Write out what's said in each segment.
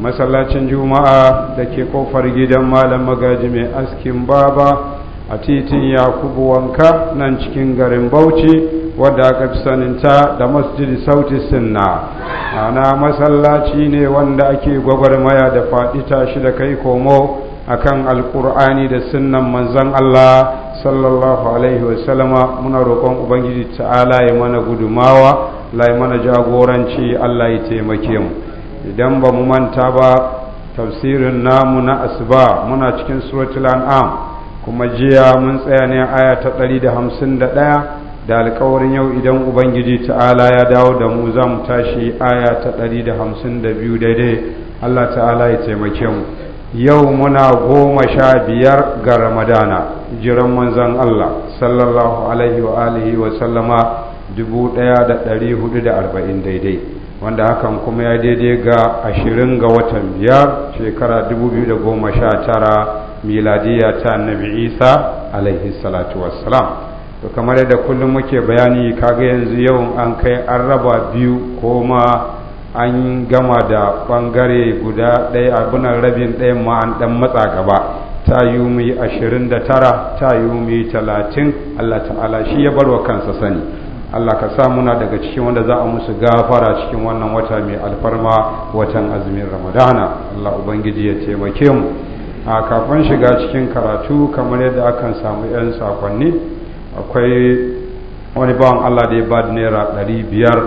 masallacin juma'a da ke kofar gidan malam magaji mai askin baba a titin yakubu wanka nan cikin garin bauchi wadda aka fi saninta da masjidi sauti sinna ana masallaci ne wanda ake gwagwarmaya da faɗi tashi da kai komo akan alkur'ani da sunnan manzon Allah sallallahu alaihi wasallama muna roƙon ubangiji ta'ala ya mana gudumawa la mana jagoranci Allah ya taimake mu idan ba mu manta ba tafsirin namu na asuba muna cikin suratul an'am kuma jiya mun tsaya ne aya ta 151 da alƙawarin yau idan ubangiji ta'ala ya dawo da mu za mu tashi aya ta 152 daidai Allah ta'ala ya taimake mu yau muna goma sha biyar ga ramadana jiran manzan Allah sallallahu alaihi wa alihi wa sallama 1440 daidai wanda hakan kuma ya daidai ga ashirin ga watan biyar shekara 2019 miladiya ta annabi isa alaihi salatu wassalam to kamar yadda kullum muke bayani kaga yanzu yau an kai an raba biyu ko ma an gama da bangare guda ɗaya abunan rabin ɗaya ma an ɗan matsa gaba ta yi mu ashirin da tara ta yi mu talatin allah ta'ala shi ya bar wa kansa sani Allah ka sa muna daga cikin wanda za a musu gafara cikin wannan wata mai alfarma watan azumin ramadana Allah ubangiji ya taimake mu a kafin shiga cikin karatu kamar yadda akan samu 'yan sakonni akwai wani bawan Allah da ya ba naira ɗari biyar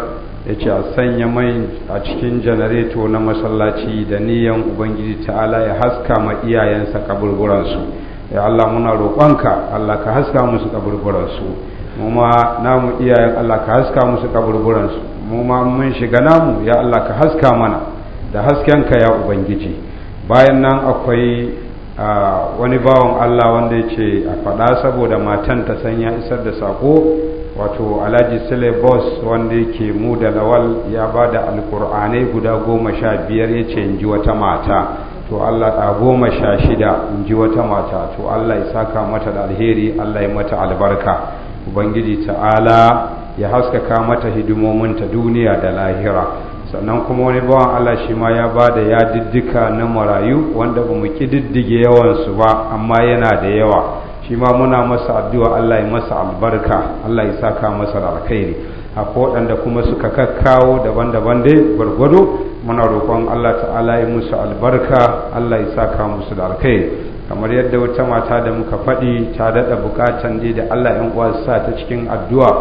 ya ce a sanya mai a cikin janareto na masallaci da niyan ubangiji ta'ala ya haska ma iyayensa kaburburansu ya Allah muna roƙonka Allah ka haska musu kaburburansu mu ma namu iyayen Allah ka haska musu kaburburan su mu ma mun shiga namu ya Allah ka haska mana da haskenka ya ubangiji bayan nan akwai wani bawan Allah wanda ya ce a faɗa saboda matan ta san ya isar da sako wato alhaji sile boss wanda yake mu da lawal ya ba da alkur'anai guda goma sha biyar ya ce in ji wata mata to allah da goma sha shida in ji wata mata to allah ya saka mata da alheri allah ya mata albarka ubangiji ta'ala ya haskaka mata hidimomin ta duniya da lahira sannan kuma wani bawan Allah shi ma ya ba da ya diddika na marayu wanda ba mu yawan yawansu ba amma yana da yawa shi ma muna masa addu'a Allah ya masa albarka Allah ya saka masa alkhairi akwai waɗanda kuma suka kakkawo daban-daban dai gwargwado muna roƙon Allah ta'ala ya musu albarka Allah ya saka musu da alkhairi kamar yadda wata mata da muka faɗi ta daɗa buƙatan dai da Allah ‘yan uwa sa ta cikin addu'a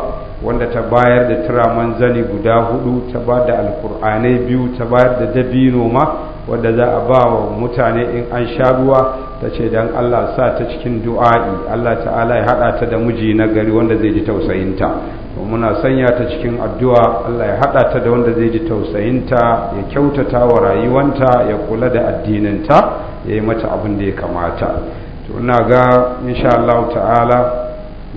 wanda ta bayar da turaman zani guda hudu ta ba da alkur'anai biyu ta bayar da dabino ma wadda za a ba wa mutane in an sha ruwa ta ce don Allah sa ta cikin du'a'i Allah ta'ala ya haɗa ta da miji na gari wanda zai ji tausayinta to muna sanya ta cikin addu'a Allah ya haɗa ta da wanda zai ji tausayinta ya kyautata wa rayuwanta ya kula da addininta ya yi mata abin da ya kamata tuna ina ga insha Allah ta'ala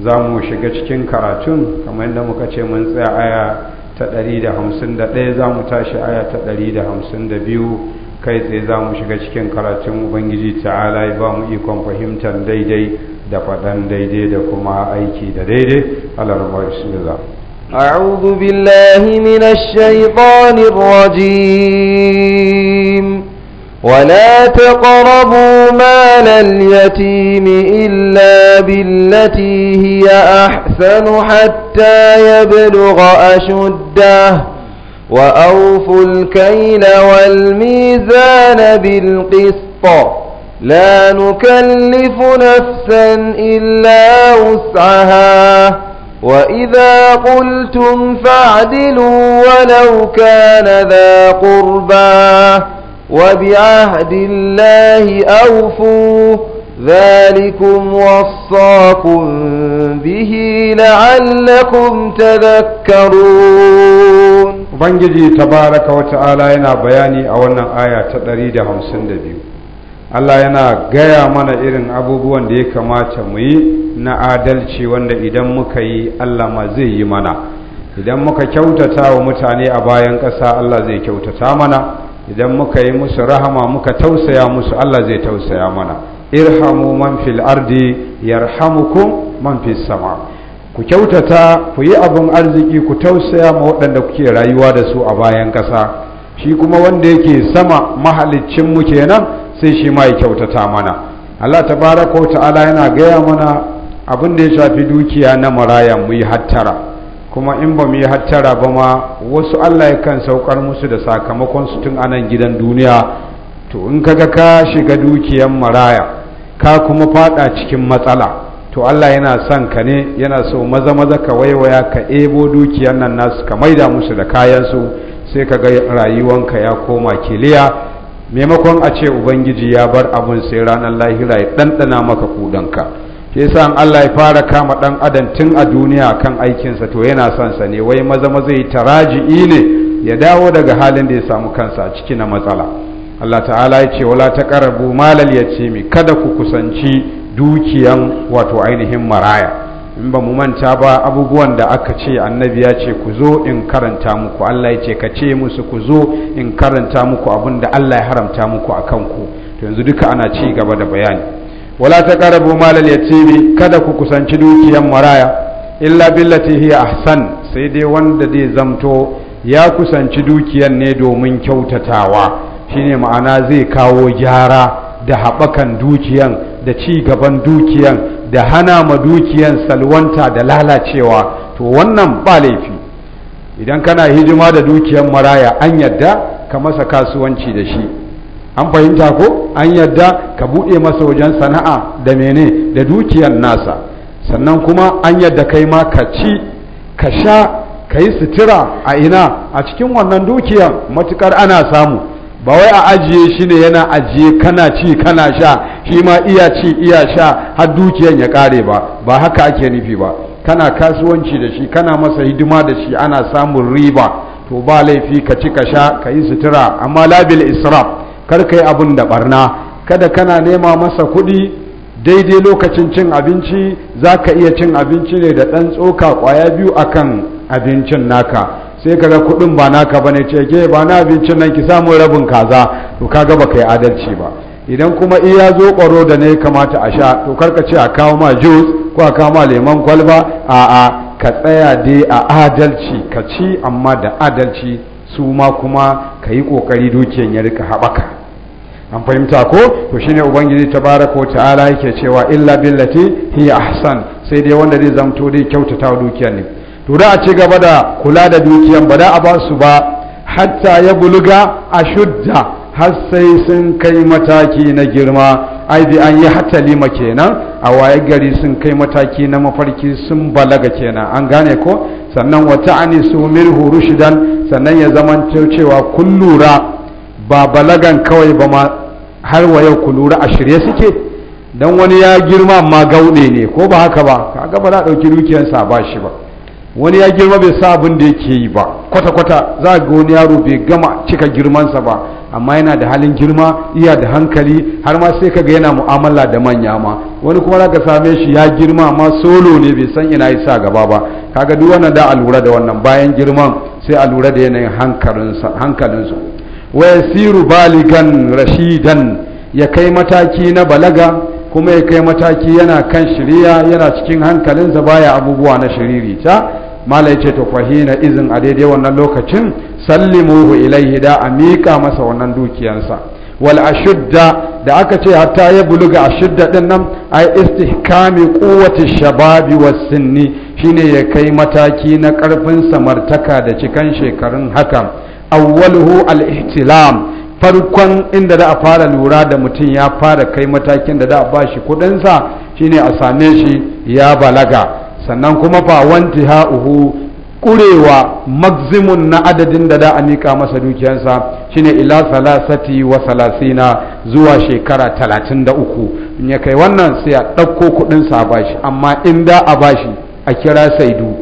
za mu shiga cikin karatun kamar yadda muka ce mun tsaya aya ta 151 za mu tashi aya ta 152 kai tsaye za mu shiga cikin karatun ubangiji ta'ala ya ba mu ikon fahimtar daidai da faɗan daidai da kuma aiki da daidai alarmar bismillah أعوذ بالله من الشيطان الرجيم ولا تقربوا مال اليتيم إلا بالتي هي أحسن حتى يبلغ أشده وأوفوا الكيل والميزان بالقسط لا نكلف نفسا إلا وسعها وإذا قلتم فاعدلوا ولو كان ذا قربا وبعهد الله أوفوا ذلكم وصاكم به لعلكم تذكرون ubangiji tabaraka wata ala yana bayani a wannan aya ta 152 Allah yana gaya mana irin abubuwan da ya kamata mu yi na adalci wanda idan muka yi Allah ma zai yi mana idan muka kyautata wa mutane a bayan ƙasa Allah zai kyautata mana idan muka yi musu rahama muka tausaya musu Allah zai tausaya mana irhamu man fil ardi yarhamukum man fis sama' ku kyautata ku yi abin arziki ku tausaya ma waɗanda kuke rayuwa da su a bayan ƙasa shi kuma wanda yake sama mahalicin mu kenan sai shi ma ya kyautata mana Allah tabaraka wa ta'ala yana gaya mana abin da ya shafi dukiya na maraya mu yi hattara kuma in ba mu yi hattara ba ma wasu Allah yakan saukar musu da sakamakon su tun anan gidan duniya to in kaga ka shiga dukiyan maraya ka kuma fada cikin matsala to Allah yana son ka ne yana so maza maza ka waiwaya ka ebo dukiyar nan nasu ka maida musu da kayansu sai ka ga rayuwanka ya koma kiliya maimakon a ce ubangiji ya bar abun sai ranar lahira ya ɗanɗana maka kudanka ke sa Allah ya fara kama ɗan adam tun a duniya kan aikinsa to yana son sa ne wai maza maza ya taraji'i ne ya dawo daga halin da ya samu kansa a ciki na matsala Allah ta'ala ya ce wala taqrabu malal mi kada ku kusanci dukiyan wato ainihin maraya in ba mu manta ba abubuwan da aka ce annabi ya ce ku zo in karanta muku Allah ya ce ka ce musu ku zo in karanta muku abin da Allah ya haramta muku a kanku to yanzu duka ana ci gaba da bayani wala ta karabu malal yatimi kada ku kusanci dukiyan maraya illa billati hiya ahsan sai dai wanda zai zamto ya kusanci dukiyan ne domin kyautatawa shine ma'ana zai kawo gyara da haɓakan dukiyan da ci gaban dukiyan da hana ma dukiyan salwanta da lalacewa to wannan ba laifi idan kana hijima da dukiyan maraya an yadda ka masa kasuwanci da shi an fahimta ko an yadda ka buɗe masa wajen sana'a da mene da dukiyan nasa sannan kuma an yadda kai ma ka ci ka sha ka yi sutura a ina a cikin wannan dukiyan matukar ana samu ba wai a ajiye shi ne yana ajiye kana ci kana sha shi ma iya ci iya sha har dukiyan ya kare ba ba haka ake nufi ba kana kasuwanci da shi kana masa hidima da shi ana samun riba to ba laifi ka ci ka sha ka yi sutura amma labil israf kar ka yi abin da barna kada kana nema masa kuɗi daidai lokacin cin abinci za ka iya cin abinci ne da ɗan tsoka ƙwaya biyu akan abincin naka sai ka kaga kudin ba naka bane ce ke ba na abincin nan ki samu rabin kaza to kaga baka yi adalci ba idan kuma iya zo kwaro da ne kamata a sha to karka ce a kawo ma jus ko a kawo ma lemon kwalba a'a ka tsaya dai a adalci ka ci amma da adalci su ma kuma ka yi ƙoƙari dukiyan ya rika haɓaka an fahimta ko to shine ubangiji tabaraka wa ta'ala yake cewa illa billati hiya ahsan sai dai wanda zai zamto dai kyautata dukiyar ne to da a ci gaba da kula da dukiyan ba da a ba su ba hatta ya buluga a shudda har sai sun kai mataki na girma ai bi an yi hatta lima kenan a waye gari sun kai mataki na mafarki sun balaga kenan an gane ko sannan wata ani su mirhu rushidan sannan ya zaman cewa kun lura ba balagan kawai ba ma har wa yau ku lura a shirye suke dan wani ya girma ma gauɗe ne ko ba haka ba kaga ba za a ɗauki dukiyarsa ba shi ba wani ya girma bai sa abin da yake yi ba kwata-kwata za a ga wani yaro bai gama cika girmansa ba amma yana da halin girma iya da hankali har ma sai kaga yana mu'amala da manya ma wani kuma za ka same shi ya girma amma solo ne bai san ina sa gaba ba kaga duk wannan da alura da wannan bayan girman sai al'ura da yanayin hankalinsu wa yasiru baligan rashidan ya kai mataki na balaga kuma ya kai mataki yana kan shirya yana cikin hankalinsa baya abubuwa na shiririta malai ce to fahina izin a daidai wannan lokacin sallimuhu ilaihi da a miƙa masa wannan dukiyarsa. wal ashudda da aka ce hatta ya buluga ashudda din nan ai istihkami quwwati shababi was sinni shine ya kai mataki na karfin samartaka da cikan shekarun haka awwaluhu al ihtilam farkon inda da a fara lura da mutum ya fara kai matakin da da a bashi kudinsa shine a same shi ya balaga sannan kuma fa wanti ha'uhu kurewa magzimun na adadin da da a miƙa masa dukiyansa shine ila salasati wa salasina zuwa shekara talatin da uku in ya kai wannan sai a ɗauko kuɗin sa bashi amma in da a bashi a kira saidu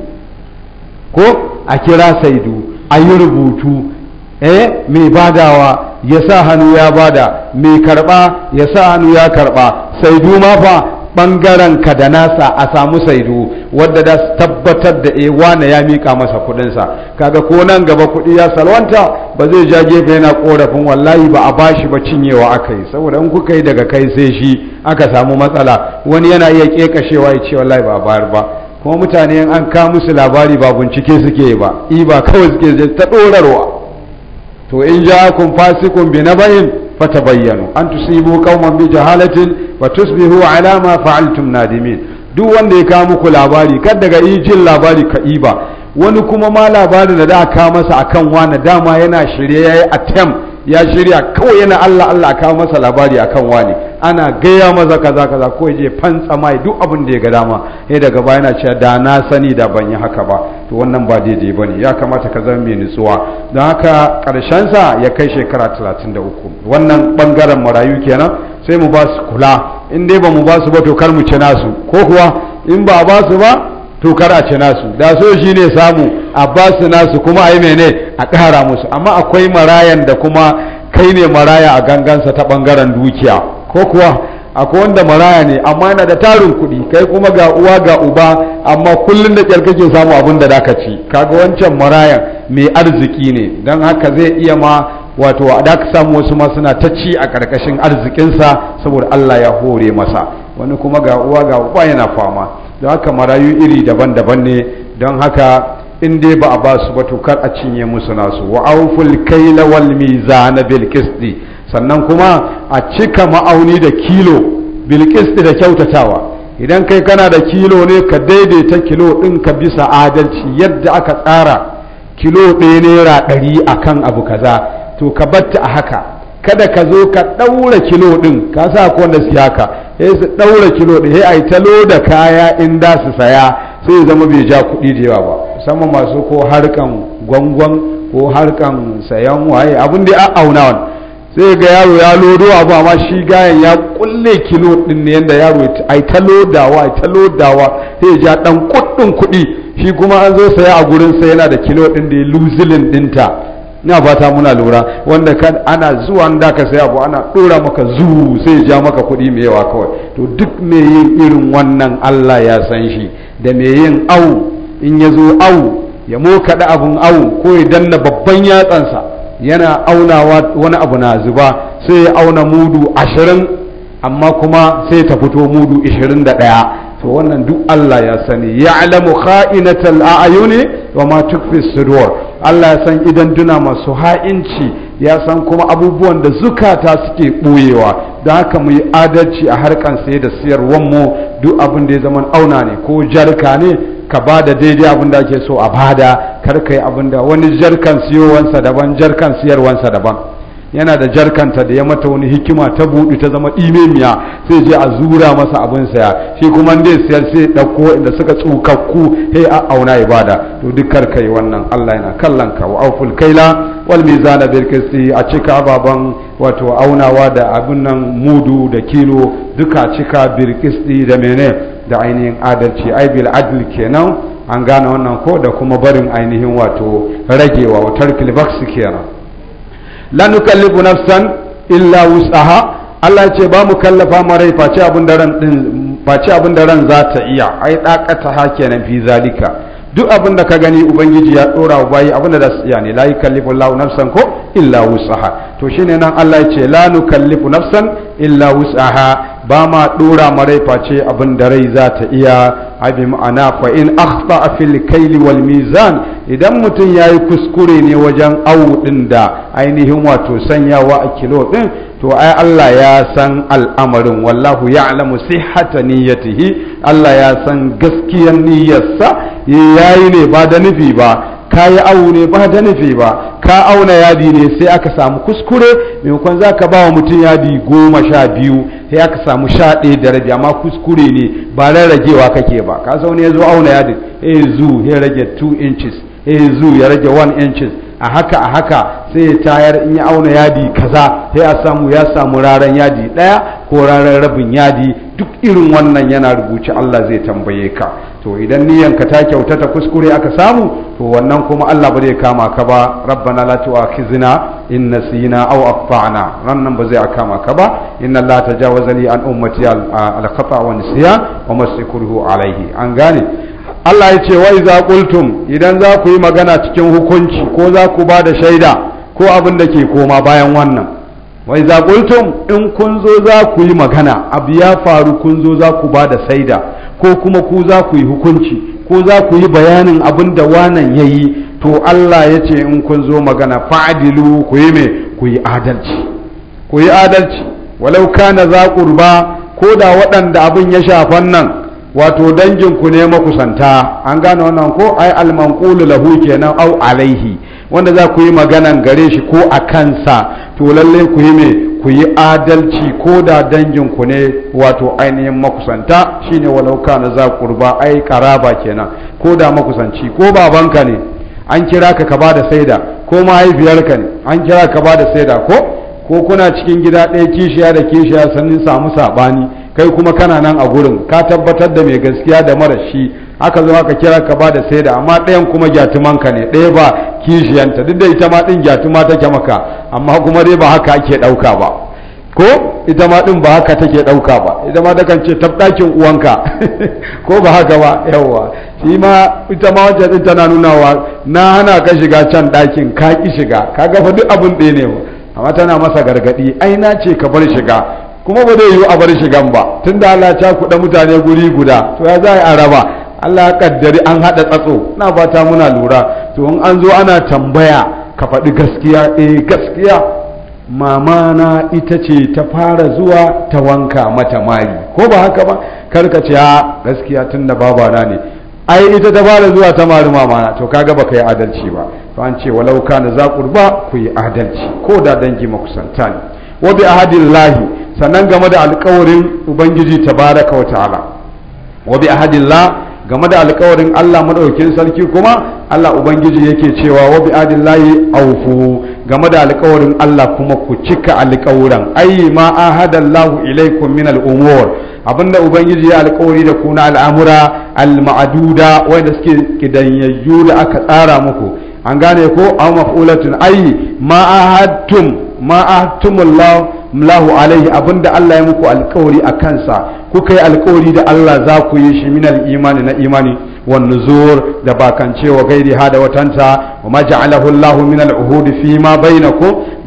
ko a kira saidu a yi rubutu eh mai badawa ya sa hannu ya bada mai karɓa ya sa hannu ya karɓa saidu ma fa ɓangaren ka da nasa a samu saidu wadda da tabbatar da e wane ya mika masa kuɗinsa kaga ko nan gaba kuɗi ya salwanta ba zai ja gefe yana korafin wallahi ba a bashi ba cinyewa aka yi saboda in kuka yi daga kai sai shi aka samu matsala wani yana iya kekashewa ya ce wallahi ba a bayar ba kuma mutane an ka musu labari ba bincike suke ba i ba kawai suke ta ɗorarwa to in ja kun fasikun bi na bayin fatabayyanu an tusibu qauman bi jahalatin wa tusbihu ala ma fa'altum nadimin duk wanda ya kawo muku labari kar daga jin labari ka yi ba wani kuma ma labarin da da ka masa akan wani dama yana shirye yayi attempt ya shirya kawai yana Allah Allah kawo masa labari akan wani ana gaya maza kaza kaza ko je fantsa mai duk abin da ya ga dama sai daga bayana yana cewa da na sani da ban yi haka ba to wannan ba daidai ba ne ya kamata ka zama mai nutsuwa don haka karshen sa ya kai shekara 33 wannan bangaren marayu kenan sai mu ba su kula in dai ba mu ba su ba to kar mu ci nasu ko kuwa in ba ba su ba to kar a ci nasu da so shi ne samu a ba su nasu kuma a yi mene a ƙara musu amma akwai marayan da kuma kai ne maraya a gangansa ta bangaren dukiya ko kuwa akwai wanda maraya ne amma yana da tarin kuɗi kai kuma ga uwa ga uba amma kullum da kyar kake samu abin da zaka ci kaga wancan maraya mai arziki ne don haka zai iya ma wato a da samu wasu ma suna ta ci a ƙarƙashin arzikinsa saboda Allah ya hore masa wani kuma ga uwa ga uba yana fama don haka marayu iri daban-daban ne don haka in dai ba a ba su ba to kar a cinye musu nasu wa auful kaila wal mizana bil qisti sannan kuma a cika ma'auni da kilo bilkis da kyautatawa idan kai kana da kilo ne ka daidaita kilo ka bisa adalci yadda aka tsara kilo ɗaya naira ɗari a kan abu kaza to ka batta a haka kada ka zo ka ɗaura kilo ɗin ka sa ko wanda su haka sai su ɗaura kilo ɗin sai a yi talo da kaya in da su saya sai zama bai ja kuɗi da yawa ba musamman masu ko harkan gwangwan ko harkan sayan waye abin da ya auna wani sai ga yaro ya lodo abu amma shi gayan ya kulle kilo din ne yadda yaro ai ta lodawa ai ta lodawa sai ja dan kuɗin kuɗi shi kuma an zo saya a gurin sa yana da kilo din da ya luzilin dinta ina fata muna lura wanda kan ana zuwa da ka saya abu ana dora maka zu sai ja maka kuɗi mai yawa kawai to duk me yin irin wannan Allah ya san shi da me yin au in ya zo au ya mokaɗa abun au ko ya danna babban yatsansa yana aunawa wani abu na zuba sai ya auna mudu ashirin amma kuma sai ta fito mudu ishirin da ɗaya to wannan duk Allah ya sani ya alamu kha'inatal a'yuni wa ma tukfi sudur Allah ya san idan duna masu ha'inci ya san kuma abubuwan da zukata suke ɓoyewa da haka mu yi adalci a harkan saye da siyarwar mu duk abin da ya zama auna ne ko jarka ne ka ba da daidai abin da ake so a bada kar ka yi abin da wani jarkan siyowansa daban jarkan siyarwansa daban yana da jarkanta da ya mata wani hikima ta buɗu ta zama ɗimemiya sai je a zura masa abin saya shi kuma dai siyar sai ɗauko inda suka tsukakku hei a auna ibada to duk kar ka yi wannan Allah yana kallon ka wa auful kaila wal mizana bil qisti a cika ababan wato aunawa da abin nan mudu da kilo duka cika bil qisti da mene da ainihin adalci ai bil kenan an gane wannan ko da kuma barin ainihin wato ragewa wa tarkil baks kenan la nukallifu nafsan illa wus'aha Allah ce ba mu kallafa ma rai face abin da ran din face abin da ran za ta iya ai dakata ha kenan fi zalika duk abin da ka gani ubangiji ya dora wa bayi abin da za su iya ne la yukallifu Allah nafsan ko illa wus'aha to shine nan Allah ya ce la nukallifu nafsan illa wus'aha ba ma dora marai face abin da rai za ta iya abi ma'ana fa in akhta fil kayl wal mizan idan mutum yayi kuskure ne wajen awu din da ainihin wato sanyawa a kilo din to ai Allah ya san al'amarin wallahu ya'lamu sihhata niyyatihi Allah ya san gaskiyar niyyarsa yayi ne ba da nufi ba ka awu ne ba da nufi ba ka auna yadi ne sai aka samu kuskure maimakon za ka ba wa mutum yadi goma sha biyu sai aka samu sha ɗaya da rabi amma kuskure ne ba ragewa kake ba ka zaune ya zo auna yadin eh zu ya rage 2 inches eh zu ya rage 1 inches a haka a haka sai ya tayar in ya auna yadi kaza sai ya samu ya samu raran yadi ɗaya ko raran rabin yadi duk irin wannan yana rubuce Allah zai tambaye ka to idan niyan ka ta kyauta ta kuskure aka samu to wannan kuma Allah ba zai kama ka ba rabbana la tu'akhizna in nasina aw akhtana Wannan ba zai kama ka ba inna Allah tajawaza li an ummati al khata wa nisyan wa masikuruhu alayhi an gane Allah ya ce wa iza qultum idan za ku yi magana cikin hukunci ko za ku ba da shaida ko abin da ke koma bayan wannan wa iza qultum in kun zo za ku yi magana abu ya faru kun zo za ku ba da shaida ko kuma ku za ku yi hukunci ko za ku yi bayanin abin da wanan ya yi to Allah ya ce in kun zo magana fa'adilu ku yi mai ku yi adalci ku yi adalci walau kana za ƙurba ko da waɗanda abin ya shafan nan wato danginku ne makusanta an gane wannan ko ai almanqulu lahu kenan au alaihi wanda za ku yi maganan gare shi ko a kansa to lalle ku yi mai ku yi adalci ko da danginku ne wato ainihin makusanta shine walau na za kurba ai karaba kenan ko da makusanci ko babanka ne an kira ka ka bada saida ko mahaifiyarka ne an kira ka bada saida ko ko kuna cikin gida ɗaya kishiya da kishiya sannin samu saɓani kai kuma kana nan a gurin ka tabbatar da mai gaskiya da mara shi aka zo aka kira ka ba da sai da amma ɗayan kuma gyatumanka ne ɗaya ba kishiyanta duk da ita ma ɗin gyatuma take maka amma kuma dai ba haka ake ɗauka ba ko ita ma ɗin ba haka take ɗauka ba ita ma takan ce tabɗakin uwanka ko ba haka ba yawwa shi ma ita ma wancan ɗin tana nunawa na hana ka shiga can ɗakin ka ki shiga ka gafa duk abin ɗaya ne amma tana masa gargadi ai na ce ka bar shiga kuma ba zai yiwu a bar shigan ba tun da Allah ta kuɗa mutane guri guda to ya za a raba Allah ya kaddari an haɗa tsatso na fata muna lura to in an zo ana tambaya ka faɗi gaskiya eh gaskiya mama na ita ce ta fara zuwa ta wanka mata mari ko ba haka ba karka ce ha gaskiya tunda babana ne ai ita ta fara zuwa ta mari mamana to kaga baka yi adalci ba to an ce walau kana za ba ku yi adalci ko da dangi makusanta ne wa bi ahadillahi sannan game da alƙawarin ubangiji tabaraka wa ta'ala wa bi ahadillah game da alƙawarin Allah madaukakin sarki kuma Allah ubangiji yake cewa wa bi ahadillahi awfu game da alƙawarin Allah kuma ku cika alƙawuran ayi ma ahadallahu ilaikum min al'umur abinda ubangiji ya alkawari da kuna al'amura al-ma'duda wanda suke kidanyayyu da aka tsara muku an gane ko aw maf'ulatun ayi ma ahadtum ma ahtumullahu mlahu alaihi abinda Allah ya muku alƙawari a kansa kuka yi alƙawari da Allah za ku yi shi min al-imani na imani wan nuzur da bakancewa gairi ha da watanta wa ma ja'alahu Allahu min al da fi ma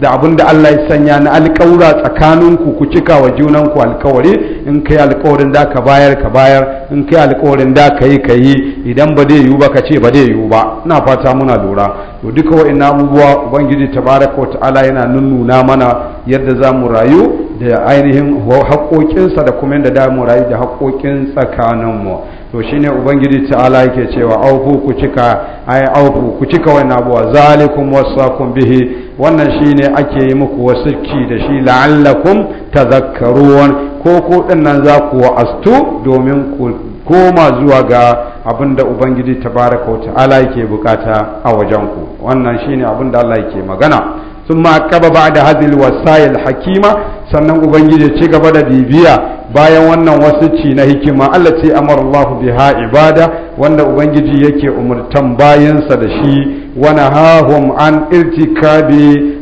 da abinda Allah ya sanya na alƙawura tsakaninku ku cika wa junanku alƙawari in kai alƙawarin da ka bayar ka bayar in kai alƙawarin da ka yi ka yi idan ba dai yiwu ba ka ce ba dai yiwu ba ina fata muna lura to duka ina abubuwa ubangiji tabaraka wa ta'ala yana nunnuna mana yadda za mu rayu da ainihin haƙoƙinsa da kuma yadda da mu rayu da haƙoƙin tsakaninmu to shine ubangiji ta'ala yake cewa aufu ku cika ai aufu ku cika wa ina abuwa zalikum wasakum bihi wannan shine ake yi muku wasiki da shi la'allakum tazakkarun ko ko dinnan za ku wa'astu domin ku koma zuwa ga abin da ubangiji baraka wa ta'ala yake bukata a wajen ku wannan shine abin da Allah yake magana sun ma kaba ba da hadil wasayil hakima sannan ubangiji ci gaba da bibiya bayan wannan wasu ci na hikima Allah ce amarallahu biha ibada wanda ubangiji yake umurtan bayansa da shi wani hahum an irtikabi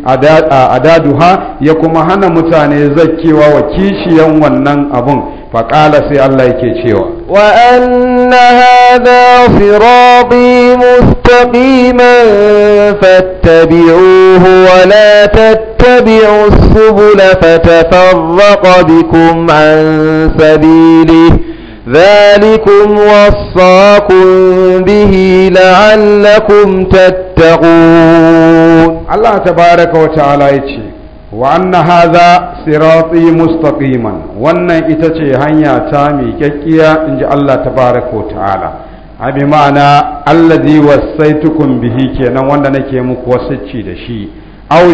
adaduha ya kuma hana mutane zakewa wa kishiyan wannan abun فقال سي الله يكيشيوا وأن هذا صراطي مستقيما فاتبعوه ولا تتبعوا السبل فتفرق بكم عن سبيله ذلكم وصاكم به لعلكم تتقون الله تبارك وتعالى يكيشيوا وأن هذا hadha مستقيما وأن wannan ita ce hanya ta جاء in ji Allah أبي معنى ta'ala abi ma'ana كينا وأن bihi kenan wanda nake muku wasicci da shi aw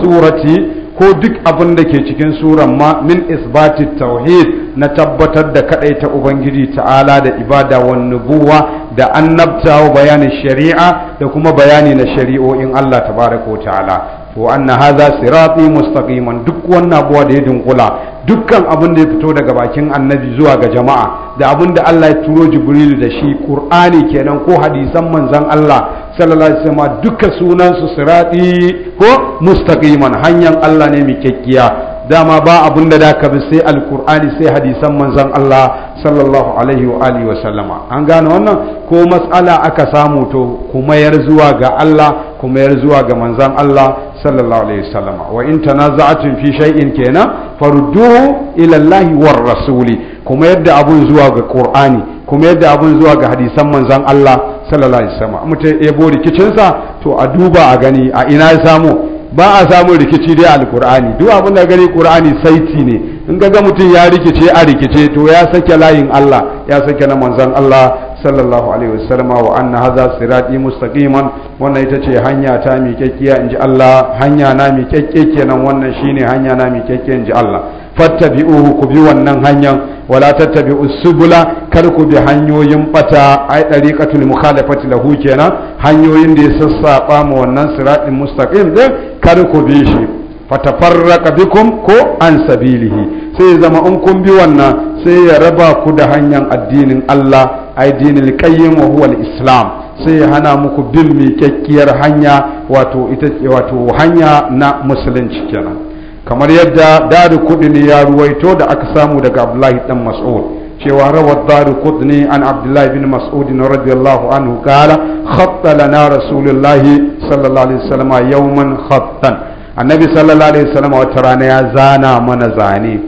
surati ko duk abin da ke cikin suran ma min isbati tauhid na tabbatar da kadai ta ubangiji ta'ala da ibada wa nubuwa da annabta wa bayanin shari'a da kuma bayani na shari'o'in Allah tabaraka wa ta'ala wa anna hadha sirati mustaqiman duk wannan abuwa da ya dunkula dukkan abin da ya fito daga bakin annabi zuwa ga jama'a da abin da Allah ya turo jibrilu da shi qur'ani kenan ko hadisan manzon Allah sallallahu alaihi wasallam duka sunan su sirati ko mustaqiman hanyar Allah ne mai kekkiya dama ba abin da da ka bi sai alqur'ani sai hadisan manzon Allah sallallahu alaihi wa alihi wa sallama an gane wannan ko matsala aka samu to ku mayar zuwa ga Allah ku mayar zuwa ga manzan Allah sallallahu alaihi wa sallama wa in tanaza'atun fi shay'in kenan farduhu ila Allah war rasuli kuma yadda abun zuwa ga Qur'ani kuma yadda abun zuwa ga hadisan manzan Allah sallallahu alaihi wa sallama mutum ya bo rikicinsa to a duba a gani a ina ya samu ba a samun rikici dai alkur'ani duk abin da gani qur'ani saiti ne in ga mutum ya rikice a rikice to ya sake layin Allah ya sake na manzan Allah sallallahu alaihi wasallama wa anna hadha sirati mustaqiman wannan ita ce hanya ta miƙaƙƙiya inji Allah hanya na miƙaƙƙe kenan wannan shine hanya na miƙaƙƙe inji Allah fattabi'uhu ku bi wannan hanyar wala tattabi'u subula kar ku bi hanyoyin bata ai dariqatul mukhalafati lahu kenan hanyoyin da ya sassaba ma wannan siratin mustaqim din kar ku bi shi fatafarraka bikum ko an sabilihi sai zama in kun bi wannan sai ya raba ku da hanyar addinin Allah addinin dinil wa huwa islam sai ya hana muku bin mikakkiyar hanya wato ita wato hanya na musulunci kenan kamar yadda daru kudini ya ruwaito da aka samu daga Abdullahi dan Mas'ud cewa rawar daru kudini an Abdullahi bin Mas'ud radiyallahu anhu kala khatta na rasulullahi sallallahu alaihi wasallam yawman khattan annabi sallallahu alaihi wasallam wata rana ya zana mana zane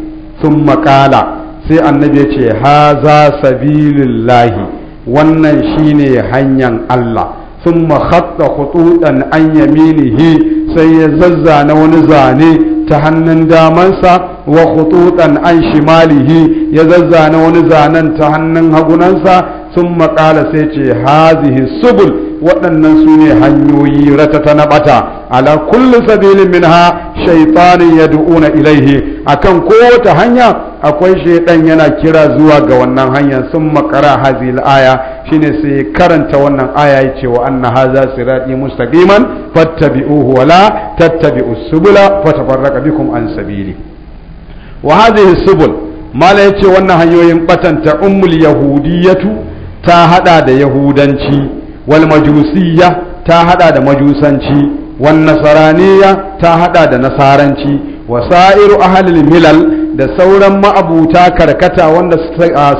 sun makala sai annabi ya ce haza sabilillahi wannan shine hanyar Allah sun makhatta khututan an yaminihi sai ya zazzana wani zane ta hannun damansa wa khututan an shimalihi ya zazzana wani zanen ta hannun hagunansa sun makala sai ce hazihi subul waɗannan su ne hanyoyi ratata na ɓata ala kulli sabilin minha shaitanin yad'una ilaihi akan ta hanya akwai shaitan yana kira zuwa ga wannan hanyar sun makara hazil aya shine sai karanta wannan aya ya ce wa anna haza sirati mustaqiman fattabi'uhu wala tattabi'us subula fatafarraqa bikum an sabili wa hadhihi subul mala ya ce wannan hanyoyin batanta ummul yahudiyatu ta hada da yahudanci walmajusiyya ta hada da majusanci wan nasaraniya ta hada da nasaranci wa sa'iru ahlil milal da sauran ma'abuta karkata wanda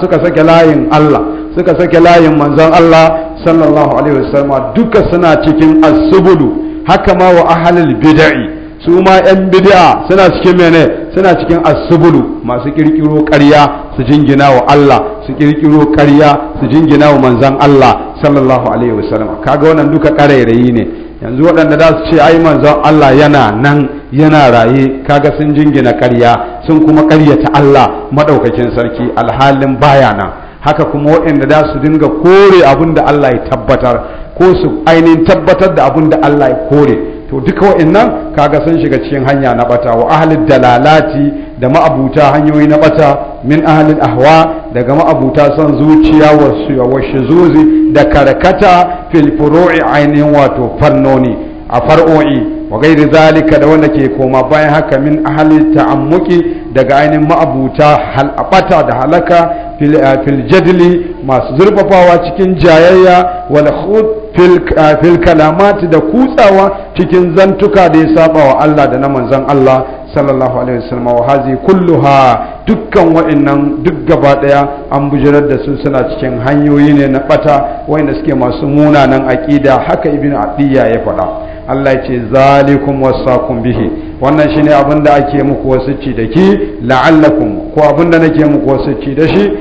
suka sake layin Allah suka sake layin manzon Allah sallallahu alaihi wasallam duka suna cikin subulu haka ma wa ahlil bid'i su ma yan bid'a suna cikin mene suna cikin asubulu masu kirkiro ƙarya su jingina wa Allah su kirkiro karya su jingina wa manzan Allah sallallahu alaihi wasallam kaga wannan duka karairayi ne yanzu waɗanda za su ce ai manzan Allah yana nan yana raye kaga sun jingina karya sun kuma ƙaryata Allah madaukakin sarki alhalin baya nan haka kuma waɗanda za su dinga kore abin da Allah ya tabbatar ko su ainihin tabbatar da abin da Allah ya kore to duka wa'annan kaga sun shiga cikin hanya na bata wa ahlid dalalati da ma'abuta hanyoyi na bata min ahlil ahwa daga ma'abuta son zuciya wa shuzuzi da karkata fil ainihin wato fannoni a far'o'i wa gairi zalika da wanda ke koma bayan haka min ahalin ta'ammuki daga ainihin ma'abuta halabata da halaka fil jadli masu zurfafawa cikin jayayya wal fil kalamati da kutsawa cikin zantuka da ya saba wa Allah da na manzon Allah sallallahu alaihi wasallam wa hazi kulluha dukkan wa'annan duk gaba daya an bujirar da su suna cikin hanyoyi ne na bata wa'anda suke masu munanan aqida haka ibnu adiya ya faɗa Allah ya ce zalikum kun bihi wannan shine abin da ake muku wasicci da ki La'allakun ko abin da nake muku wasicci da shi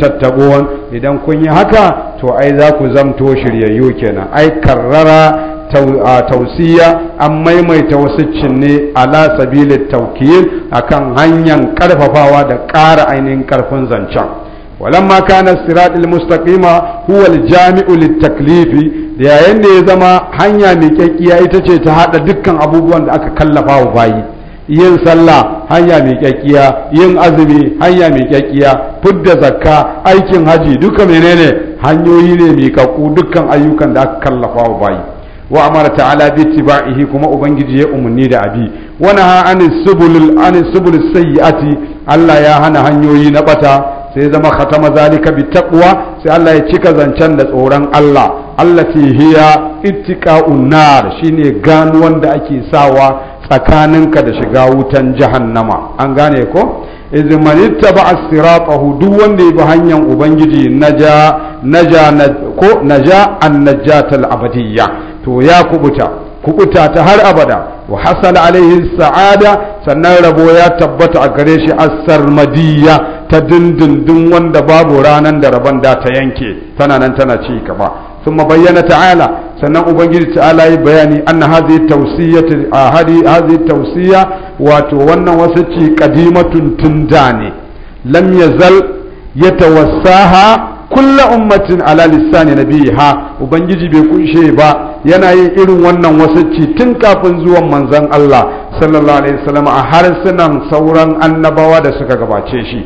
tattabuwan idan kun yi haka to ai za ku zamto shiryayyu kenan ai karrara tausiya an maimaita wasiccin ne ala sabilit tawkil akan hanyar karfafawa da ƙara ainihin karfin zancen ولما كان الصراط mustaqima هو الجامع للتكليف da yayin da ya zama hanya mai kyakkiya ita ce ta hada dukkan abubuwan da aka kallafa wa bayi yin sallah hanya mai kyakkiya yin azumi hanya mai kyakkiya fidda zakka aikin haji duka menene hanyoyi ne mai kakku dukkan ayyukan da aka kallafa wa bayi wa amara ta'ala bi tiba'ihi kuma ubangiji ya umarni da abi wa naha anis subulul anis subulus sayyiati Allah ya hana hanyoyi na bata sai zama khatama zalika bi taqwa sai Allah ya cika zancen da tsoron Allah allati hiya ittiqa'un nar shine gano wanda ake sawa tsakaninka da shiga wutan jahannama an gane ko idh man ittaba siratahu duk wanda ya bi hanyar ubangiji naja naja ko naja an najatal abadiyya to ya kubuta kubuta ta har abada wa hasala alaihi sa'ada sannan rabo ya tabbata a gare shi as-sarmadiyya ta dindindin wanda babu ranar da rabon da ta yanke tana nan tana ci gaba ثم بين تعالى سنن ubangiji ta'ala yi bayani anna hadhihi tawsiyatu wato wannan wasaci qadimatun tunda ne lam yazal yatawassaha kullu ummatin ala lisani nabiha ubangiji bai kunshe ba yana yin irin wannan wasacci tun kafin zuwan manzan Allah sallallahu alaihi wasallam a harsunan sauran annabawa da suka gabace shi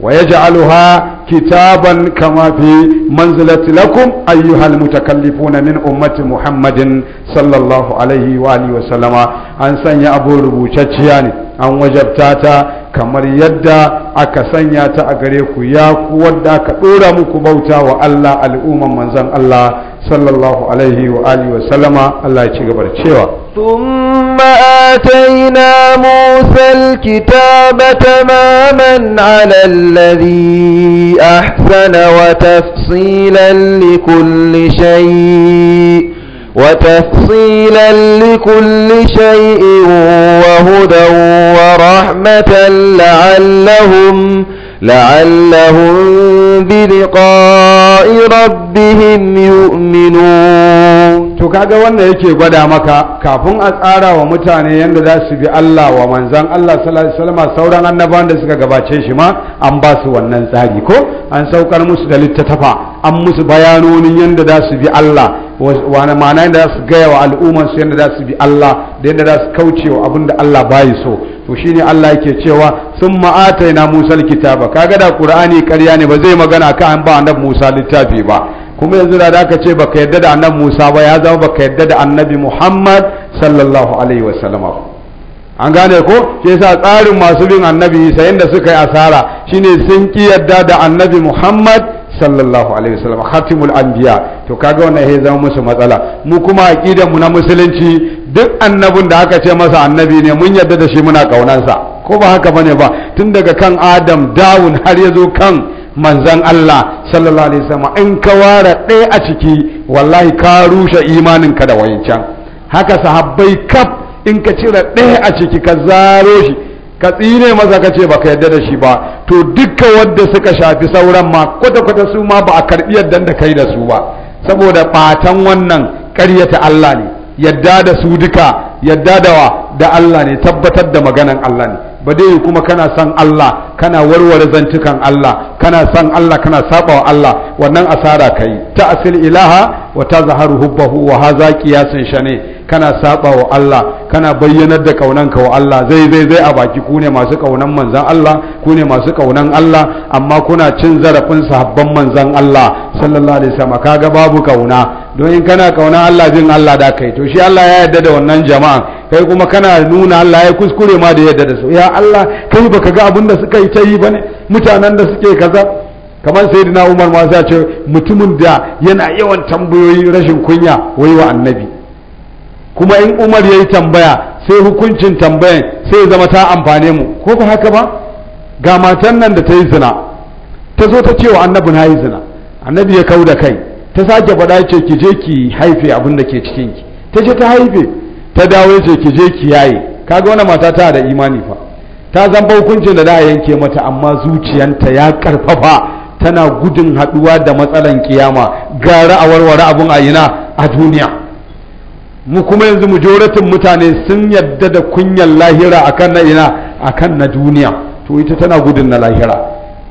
wa yaj'aluha kitaban kama fi manzilati lakum ayyuhal mutakallifuna min ummati muhammadin sallallahu alaihi wa alihi wa an sanya abu rubutacciya ne an wajabta ta kamar yadda aka sanya ta a gare ku ya ku wadda aka dora muku bauta wa Allah al'umman Manzan Allah صلى الله عليه وآله وسلم الله يجبر شيوا ثم آتينا موسى الكتاب تماما على الذي أحسن وتفصيلا لكل شيء وتفصيلا لكل شيء وهدى ورحمة لعلهم لعلهم بلقاء ربهم يؤمنون to kaga wannan yake gwada maka kafin a tsara wa mutane yadda za su bi Allah wa manzan Allah sallallahu sauran annabawan da suka gabace shi ma an ba su wannan tsari ko an saukar musu da littattafa an musu bayanonin yadda za su bi Allah wani ma'ana yadda za su gaya wa al'umman su yadda za su bi Allah da yadda za su kauce wa abin da Allah bayi so to shine Allah yake cewa sun ma'atai na Musa kitaba kaga da Qur'ani ƙarya ne ba zai magana ka an ba annabi Musa littafi ba kuma yanzu da aka ce baka yadda da annabi Musa ba ya zama baka yadda da annabi Muhammad sallallahu alaihi wasallam an gane ko shi yasa tsarin masu bin annabi Isa yanda suka yi asara shine sun ki yadda da annabi Muhammad sallallahu alaihi wasallam khatimul anbiya to kaga wannan ya zama musu matsala mu kuma aqidar mu na musulunci duk annabin da aka ce masa annabi ne mun yadda da shi muna kaunansa ko ba haka bane ba tun daga kan Adam Dawun har ya zo kan manzan Allah sallallahu alaihi wasallam in ka ware ɗaya a ciki wallahi ka rushe imanin ka da wancan haka sahabbai kaf in ka cire ɗaya a ciki ka zaro shi ka tsine masa ka ce ka yarda da shi ba to dukkan wanda suka shafi sauran ma kwata-kwata su ma ba a karɓi yadda da kai da su ba saboda batan wannan ƙaryata Allah ne yadda da su duka yadda dawa da Allah ne tabbatar da maganan Allah ne ba dai kuma kana san Allah kana warware zantukan Allah kana son Allah kana saba wa Allah wannan asara kai ta asil ilaha wa ta zaharu hubbahu wa haza qiyasin shane kana saba wa Allah kana bayyanar da kaunanka wa Allah zai zai zai a baki ku ne masu kaunan manzan Allah ku ne masu kaunan Allah amma kuna cin zarafin sahabban manzan Allah sallallahu alaihi wasallam kaga babu kauna don in kana kauna Allah jin Allah da kai to shi Allah ya yarda da wannan jama'a kai kuma kana nuna Allah ya kuskure ma da yarda da su ya Allah kai baka ga abin da suka yi ta yi bane mutanen da suke kaza kamar sai umar ma sai ce mutumin da yana yawan tambayoyi rashin kunya wai wa annabi kuma in umar ya yi tambaya sai hukuncin tambayan sai zama ta amfane mu ko ba haka ba ga matan nan da ta yi zina ta zo ta ce wa annabi na yi zina annabi ya kau da kai ta sake faɗa ce ki je ki haife abin da ke cikin ki ta ce ta haife ta dawo ce ki je ki yaye kaga wani mata ta da imani fa ta zamba hukuncin da za a yanke mata amma zuciyanta ya karfafa tana gudun haɗuwa da matsalan kiyama gara a warware abun a yina a duniya mu kuma yanzu majoratin mutane sun yadda da kunyan lahira akan na ina kan na duniya to ita tana gudun na lahira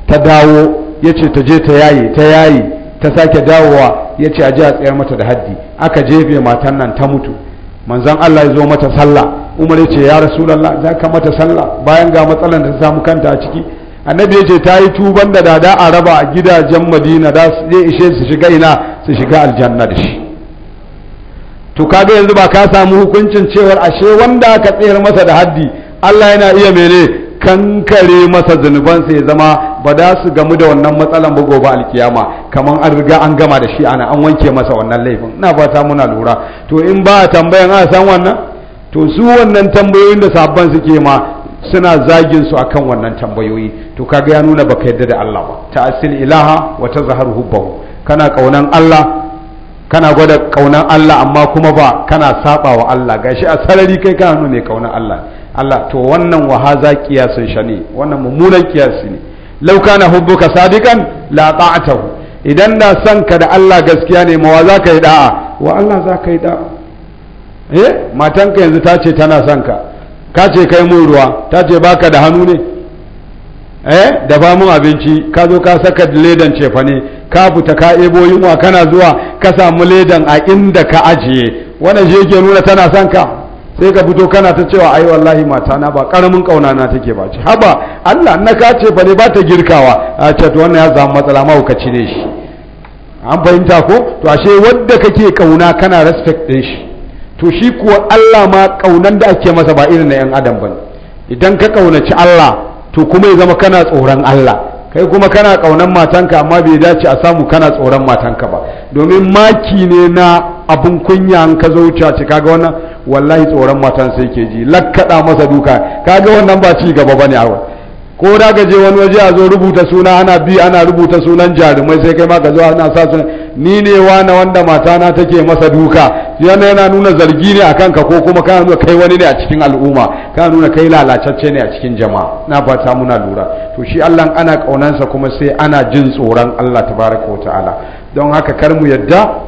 ta dawo ya ce ta je ta yayi ta yayi ta sake dawowa ya ce a ji a tsayar mata da haddi aka jefe matan nan ta mutu manzan Allah ya zo mata sallah umar ya ce ya rasulallah za ka mata sallah bayan ga matsalan da ta samu kanta a ciki annabi ya ce ta yi tuban da dada a raba a gidajen madina da zai ishe su shiga ina su shiga aljanna da shi to kaga yanzu ba ka samu hukuncin cewar ashe wanda ka tsayar masa da haddi Allah yana iya mene kankare masa zunubansa ya zama ba da su gamu da wannan matsalan ba gobe alkiyama kamar an riga an gama da shi ana an wanke masa wannan laifin ina fata muna lura to in ba tambayan a san wannan to su wannan tambayoyin da sabban suke ma suna zagin su akan wannan tambayoyi to kaga ya nuna baka yarda da Allah ba ta asil ilaha wa tazharu hubbahu kana kaunan Allah kana gwada kaunan Allah amma kuma ba kana saba wa Allah gashi a sarari kai ka hannu ne kaunan Allah Allah to wannan wahaza kiyasin shani wannan mummunan kiyasi ne law kana hubbuka sadikan la ta'atahu idan na san ka da Allah gaskiya ne mawa za ka yi da'a wa Allah za ka yi da'a eh matanka yanzu ta ce tana son ka ka ce kai mun ruwa ta ce baka da hannu ne eh da ba mun abinci ka zo ka saka ledan cefa ne ka fita ka ebo yunwa kana zuwa ka samu ledan a inda ka ajiye wannan shi yake nuna tana son ka sai ka fito kana ta cewa ai wallahi mata na ba karamin kauna na take ba ce haba Allah na ka ce ne ba ta girkawa a ce to wannan ya zama matsala ma ka cire shi an fahimta ko to ashe wanda kake kauna kana respect din shi to shi kuwa Allah ma kaunan da ake masa ba irin na yan adam bane idan ka kaunaci Allah to kuma ya zama kana tsoron Allah kai kuma kana ƙaunar matanka amma bai dace a samu kana tsoron matanka ba domin maki ne na abin kunya an ka zo wuce ce kaga wannan wallahi tsoron matan sai ke ji lakkaɗa masa duka kaga wannan ba ci gaba bane a ko da ka wani waje a zo rubuta suna ana bi ana rubuta sunan jarumai sai kai ma ka zo ana sa sunan ni ne wani wanda mata na take masa duka yana yana nuna zargi ne akan ka ko kuma kana nuna kai wani ne a cikin al'umma kana nuna kai lalacacce ne a cikin jama'a na fata muna lura to shi Allah ana kaunansa kuma sai ana jin tsoron Allah tabaraka wa ta'ala don haka kar mu yadda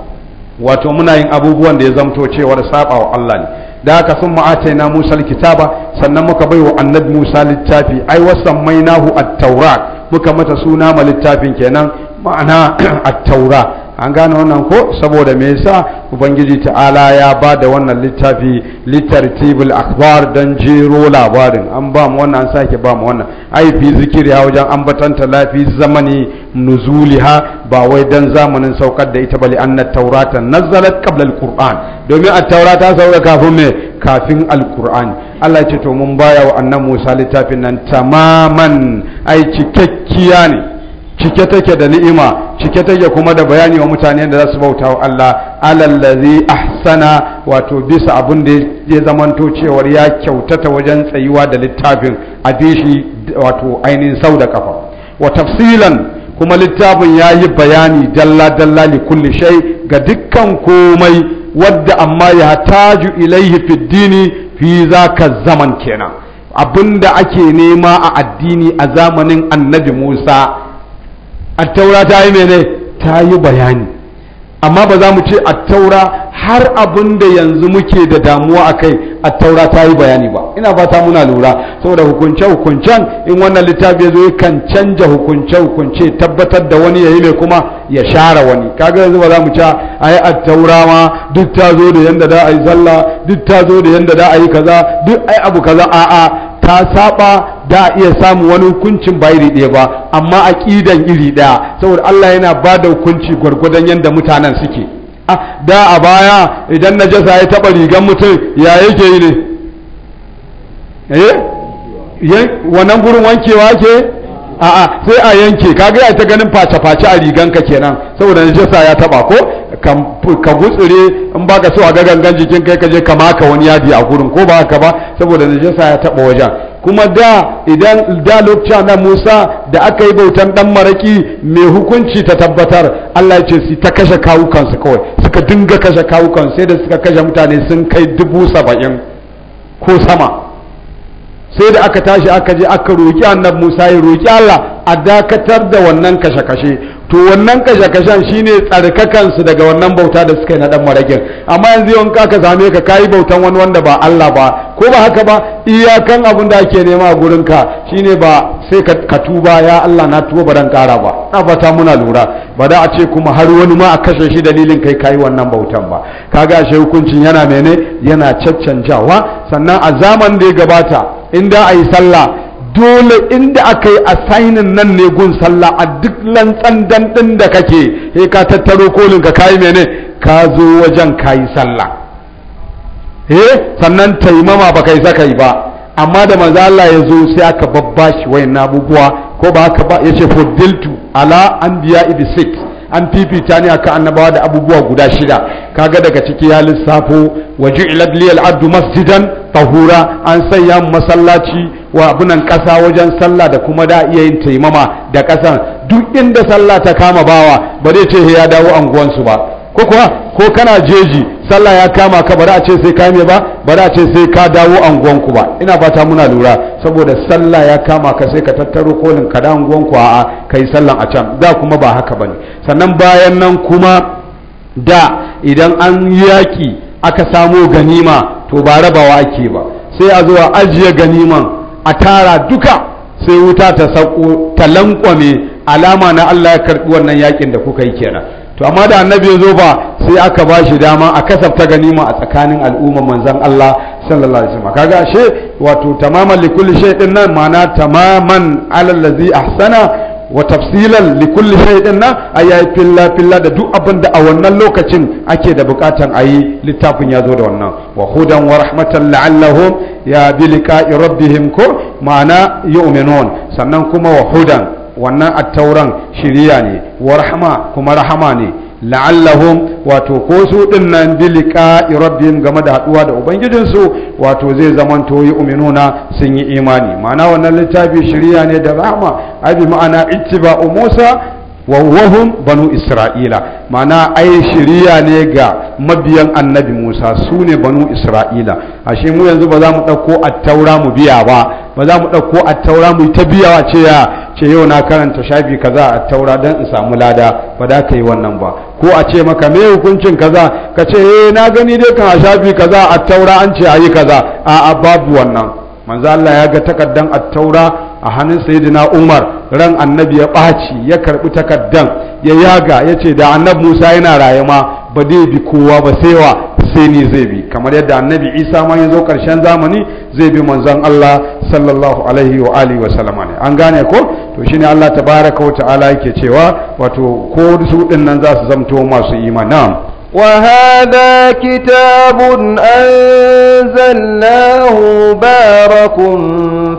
wato muna yin abubuwan da ya zamto cewar saba wa Allah ne da haka sun ma'ata na musa kitaba sannan muka bai wa annab musa littafi ai wasan mai nahu at-taura muka mata suna ma littafin kenan ma'ana at-taura an gane wannan ko saboda me yasa ubangiji ta'ala ya ba da wannan littafi litartibul akhbar dan jero labarin an ba mu wannan an sake ba mu wannan ai fi zikiri ya wajen an batanta lafi zamani nuzuliha ba wai dan zamanin saukar da ita bali anna taurata nazzalat qabla alquran domin at-taurata sauka kafin me kafin alquran Allah ya ce to mun baya wa annabi Musa littafin nan tamaman ai cikakkiya ne cike take da ni'ima cike take kuma da bayani wa mutane da za su bauta wa Allah alallazi ahsana wato bisa abin da ya zamanto cewar ya kyautata wajen tsayuwa da littafin a shi wato ainihin sau da kafa wa tafsilan kuma littafin ya yi bayani dalla dalla li kulli shai ga dukkan komai wadda amma ya taju ilaihi fid dini fi zaka zaman kenan abinda ake nema a addini a zamanin annabi Musa attaura ta yi mene ta yi bayani amma ba za mu ce attaura har abin da yanzu muke da damuwa a kai attaura ta yi bayani ba ina fata muna lura saboda hukunce hukuncen in wannan littafi ya zo kan canja hukunce hukunce tabbatar da wani ya yi mai kuma ya share wani kaga yanzu ba za mu ce a yi attaura ma duk ta zo da yanda da a yi duk ta zo da yanda da a kaza duk ai abu kaza a'a ta saba da iya samun wani hukuncin ba iri ɗaya ba amma aƙidan iri ɗaya saboda Allah yana ba da hukunci gwargwadon yadda mutanen suke da a baya idan na najasa ya taɓa rigan mutum ya yake yi ne eh wannan gurin wankewa ke a'a sai a yanke kaga ya ta ganin face-face a riganka kenan saboda najasa ya taba ko ka gutsure in ba ka so a ga gangan jikin kai ka je ka maka wani yadi a gurin ko ba ka ba saboda jasa ya taba wajen kuma da idan da lokacin na Musa da aka yi bautan dan maraki mai hukunci ta tabbatar Allah ya ce su ta kashe kawukansu kawai suka dinga kashe kawukan sai da suka kashe mutane sun kai dubu saba'in ko sama sai da aka tashi aka je aka roƙi annab musa ya roƙi allah a dakatar da wannan kashe-kashe to wannan kashe-kashen shine tsarkakansu daga wannan bauta da suka yi na dan marakin amma yanzu yawan ka same ka kayi bautan wani wanda ba Allah ba ko ba haka ba iyakan abin da ake nema a gurin ka shine ba sai ka tuba ya Allah na tuba ba dan kara ba na fata muna lura ba da a ce kuma har wani ma a kashe shi dalilin kai kayi wannan bautan ba kaga ashe hukuncin yana mene yana caccanjawa sannan a zaman da ya gabata in da a yi sallah dole inda aka yi assignin nan ne gun sallah a duk lantsan ɗin da kake sai ka tattaro kolin ka kayi mene ka zo wajen kayi sallah he sannan taimama ba kai saka yi ba amma da manzo Allah ya zo sai aka babbashi wayan abubuwa ko ba aka ba yace fuddiltu ala anbiya ibn an fifita ni aka annabawa da abubuwa guda shida kaga daga ciki ya lissafo wa ju'ilat liyal abdu masjidan tahura an sanya masallaci wa abunan kasa wajen sallah da kuma da iya yin taimama da kasan duk inda sallah ta kama bawa ba zai ce ya dawo anguwansu ba ko kuwa ko kana jeji sallah ya kama ka bari a ce sai ka me ba bari a ce sai ka dawo anguwanku ba ina fata muna lura saboda sallah ya kama ka sai ka tattaro kolin ka da anguwanku a kai sallan a can da kuma ba haka bane sannan bayan nan kuma da idan an yaki aka samo ganima to ba rabawa ake ba sai a zuwa ajiye ganiman a tara duka sai wuta ta sauko ta lankwame alama na Allah ya karɓi wannan yakin da kuka yi kenan to amma da annabi ya zo ba sai aka ba shi dama a kasafta ganima a tsakanin al'umma manzan Allah sallallahu alaihi wasallam kaga she wato tamaman li kulli shay din nan ma'ana tamaman alal ladzi ahsana wa tafsilan li kulli shay din nan ayi filla filla da duk abin da a wannan lokacin ake da bukatan ayi littafin ya zo da wannan wa hudan wa rahmatan la'allahum ya bi liqa'i rabbihim ko ma'ana yu'minun sannan kuma wa hudan wannan attauran shiriya ne wa kuma rahama ne la'allahum wato ko su din nan bilika rabbihim game da haduwa da ubangijinsu wato zai zamanto yi uminuna sun yi imani ma'ana wannan littafi shiriya ne da rahama abi ma'ana ittiba'u Musa wa wahum banu isra'ila mana ai shiriya ne ga mabiyan annabi musa su ne banu isra'ila ashe mu yanzu ba za mu ɗauko a taura mu biya ba ba za mu ɗauko a taura mu ta biya ce ya ce yau na karanta shafi kaza a taura don in samu lada ba da ka yi wannan ba ko a ce maka me hukuncin kaza ka ce eh na gani dai kan shafi kaza a taura an ce a yi kaza a'a babu wannan manzo Allah ya ga takaddan at-taura a hannun sayyidina Umar ran annabi ya baci ya karɓi takaddan ya yaga yace da annabi Musa yana raye ma ba zai bi kowa ba sai wa sai ni zai bi kamar yadda annabi Isa ma ya zo ƙarshen zamani zai bi manzon Allah sallallahu alaihi wa alihi wa sallama ne an gane ko to shine Allah tabaaraka wa ta'ala yake cewa wato ko su dinnan za su zamto masu imani وهذا كتاب أنزلناه مبارك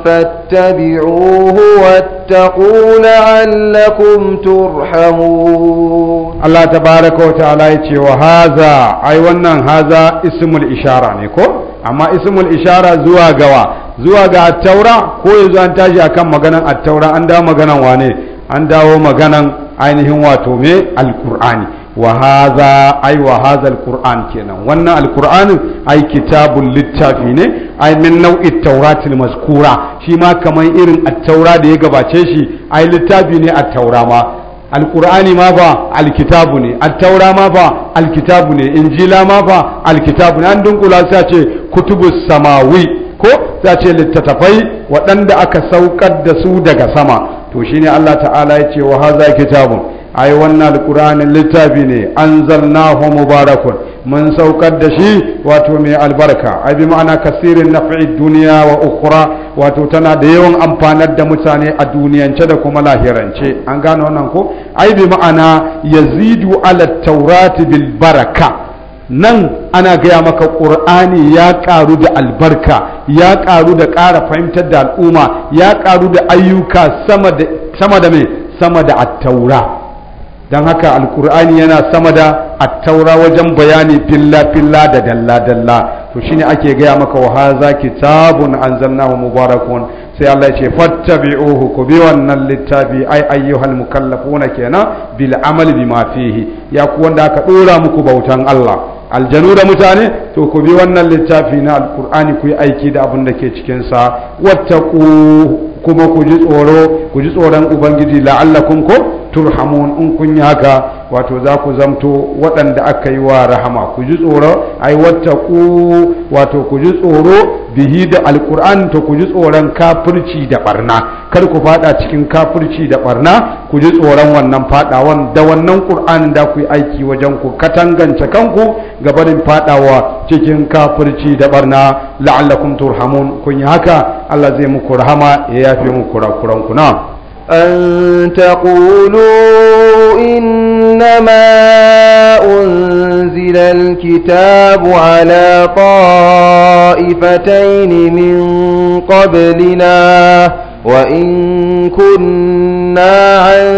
فاتبعوه واتقوا لعلكم ترحمون الله تبارك وتعالى وهذا أي ونن هذا اسم الإشارة نيكو أما اسم الإشارة زوا جوا زوا جا التوراة كل زان تاجي أكم مجانا التوراة عندا مجانا واني عندا هو مجانا ainihin wato me alkur'ani wa haza ai wa haza alquran kenan wannan alqur'anin ai kitabul littafi ne ai min nau'it tauratil mazkura shi ma kamar irin at-taura da ya gabace shi ai littafi ne at-taura ma alqur'ani ma ba alkitabu ne at-taura ma ba alkitabu ne injila ma ba alkitabu ne an dunkula sai ce kutubus samawi ko sai ce littattafai waɗanda aka saukar da su daga sama to shine Allah ta'ala ya ce wa haza kitabun ai wannan alkur'ani littafi ne anzalnahu mubarakun mun saukar da shi wato mai albarka ai bi ma'ana kasirin naf'i duniya wa wato tana da yawan amfanar da mutane a duniyance da kuma lahirance an gane wannan ko ai bi ma'ana yazidu ala taurati bil baraka nan ana gaya maka ƙur'ani ya ƙaru da albarka ya ƙaru da ƙara fahimtar da al'umma ya ƙaru da ayyuka sama da me sama da attaura don haka alkur'ani yana sama da attaura wajen bayani filla-filla da dalla-dalla to shine ake gaya maka wa haza kitabun wa mubarakun sai Allah ya ce uhu ku bi wannan littafi ai ayyuhal mukallafuna kenan bil amali bi mafihi ya ku wanda aka dora muku bautan Allah aljanu da mutane to ku bi wannan littafi na alkur'ani ku yi aiki da abin da ke cikin sa wattaqu kuma ku ji tsoro ku ji tsoron ubangiji la'allakum ko turhamun in kun yi haka wato za ku zamto waɗanda aka yi wa rahama ku ji tsoro ai ku wato ku ji tsoro bihi da alkur'an to ku ji tsoron kafirci da barna kar ku fada cikin kafirci da barna ku ji tsoron wannan fadawan da wannan qur'anin da ku yi aiki wajen ku katangance kanku ga barin fadawa cikin kafirci da barna la'allakum turhamun kun yi haka Allah zai muku rahama ya yafe muku kurakuran ku na أن تقولوا إنما أنزل الكتاب على طائفتين من قبلنا وإن كنا عن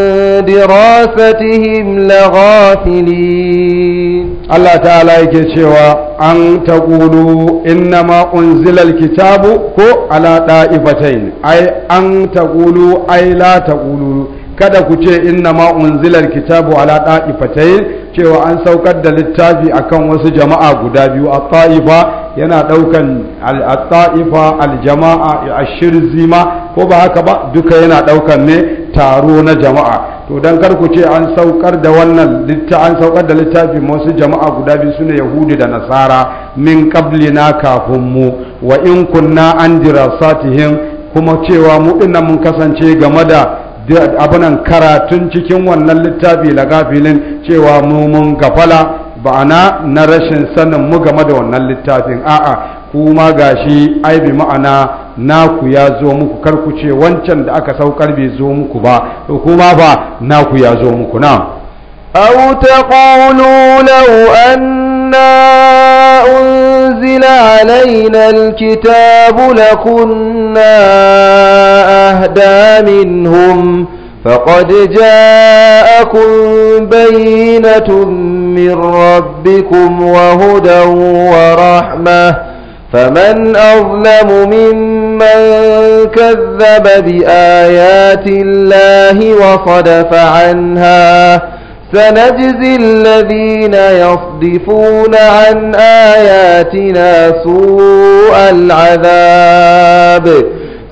دراستهم لغافلين Allah ta'ala yake cewa an taqulu innama unzila kitabu ko ala da'ifatain ai an ƙulu ai la ƙulu kada ku ce innama unzila kitabu ala da'ifatain cewa an saukar da littafi akan wasu jama'a guda biyu a ta'ifa yana ɗaukan a taifa a jamaa shirzima ko ba haka ba duka yana ɗaukan ne taro na jama'a to dan kar ku ce an saukar da wannan an saukar da littafin wasu jama'a guda biyu sune yahudi da nasara min qablina kafin mu wa in kunna an dirasatihim kuma cewa mu dinnan mun kasance game da abunan karatun cikin wannan littafi lagafilin cewa mu mun gafala ba'ana na rashin sanin mu game da wannan littafin a'a kuma gashi ai bi ma'ana naku ya zo muku kar ku ce wancan da aka saukar bai zo muku ba kuma ba naku ya zo muku na Auta taqulu law anna unzila alaina alkitabu lakunna ahda minhum فقد جاءكم بينة من ربكم وهدى ورحمة فمن أظلم ممن من كذب بآيات الله وصدف عنها سنجزي الذين يصدفون عن آياتنا سوء العذاب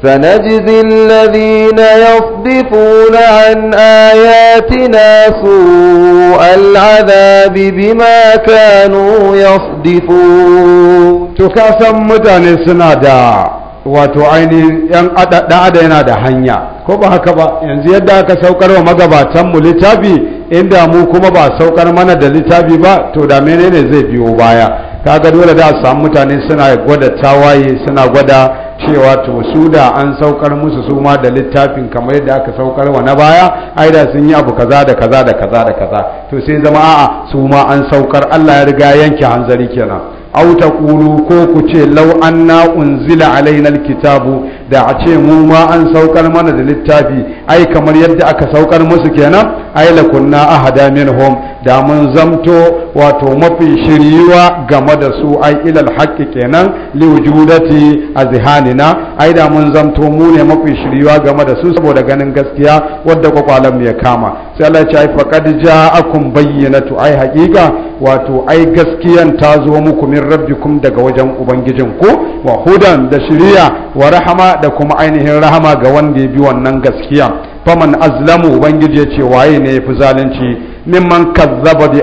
سنجزي الذين يصدفون عن آياتنا سوء العذاب بما كانوا يصدفون تكاسم متاني سنادا wato ainihin yan ada yana da hanya ko ba haka ba yanzu yadda aka saukar wa magabatan mu littafi inda mu kuma ba saukar mana da littafi ba to da menene zai biyo baya kaga dole da a samu mutane suna gwada tawaye suna gwada cewa to su da an saukar musu su ma da littafin kamar yadda aka saukar wa na baya ai da sun yi abu kaza da kaza da kaza da kaza to sai zama a'a su ma an saukar Allah ya riga yanke hanzari kenan aw kulu ko ku ce law anna unzila alaina alkitabu da a ce mu ma an saukar mana da littafi ai kamar yadda aka saukar musu kenan ai kunna ahada minhum da mun zamto wato mafi shiriwa game da su ai ilal haƙƙi kenan li wujudati azhanina ai da mun zamto mu ne mafi shiryuwa game da su saboda ganin gaskiya wadda kwakwalan mu ya kama sai Allah ya ce faqad ja'akum bayyinatu ai haqiqa wato ai gaskiyan ta zo muku min rabbikum daga wajen ubangijin ku wa hudan da shiriya wa rahama da kuma ainihin rahama ga wanda ya bi wannan gaskiya faman azlamu ubangiji ya ce waye ne ya fi zalunci mimman kazzaba bi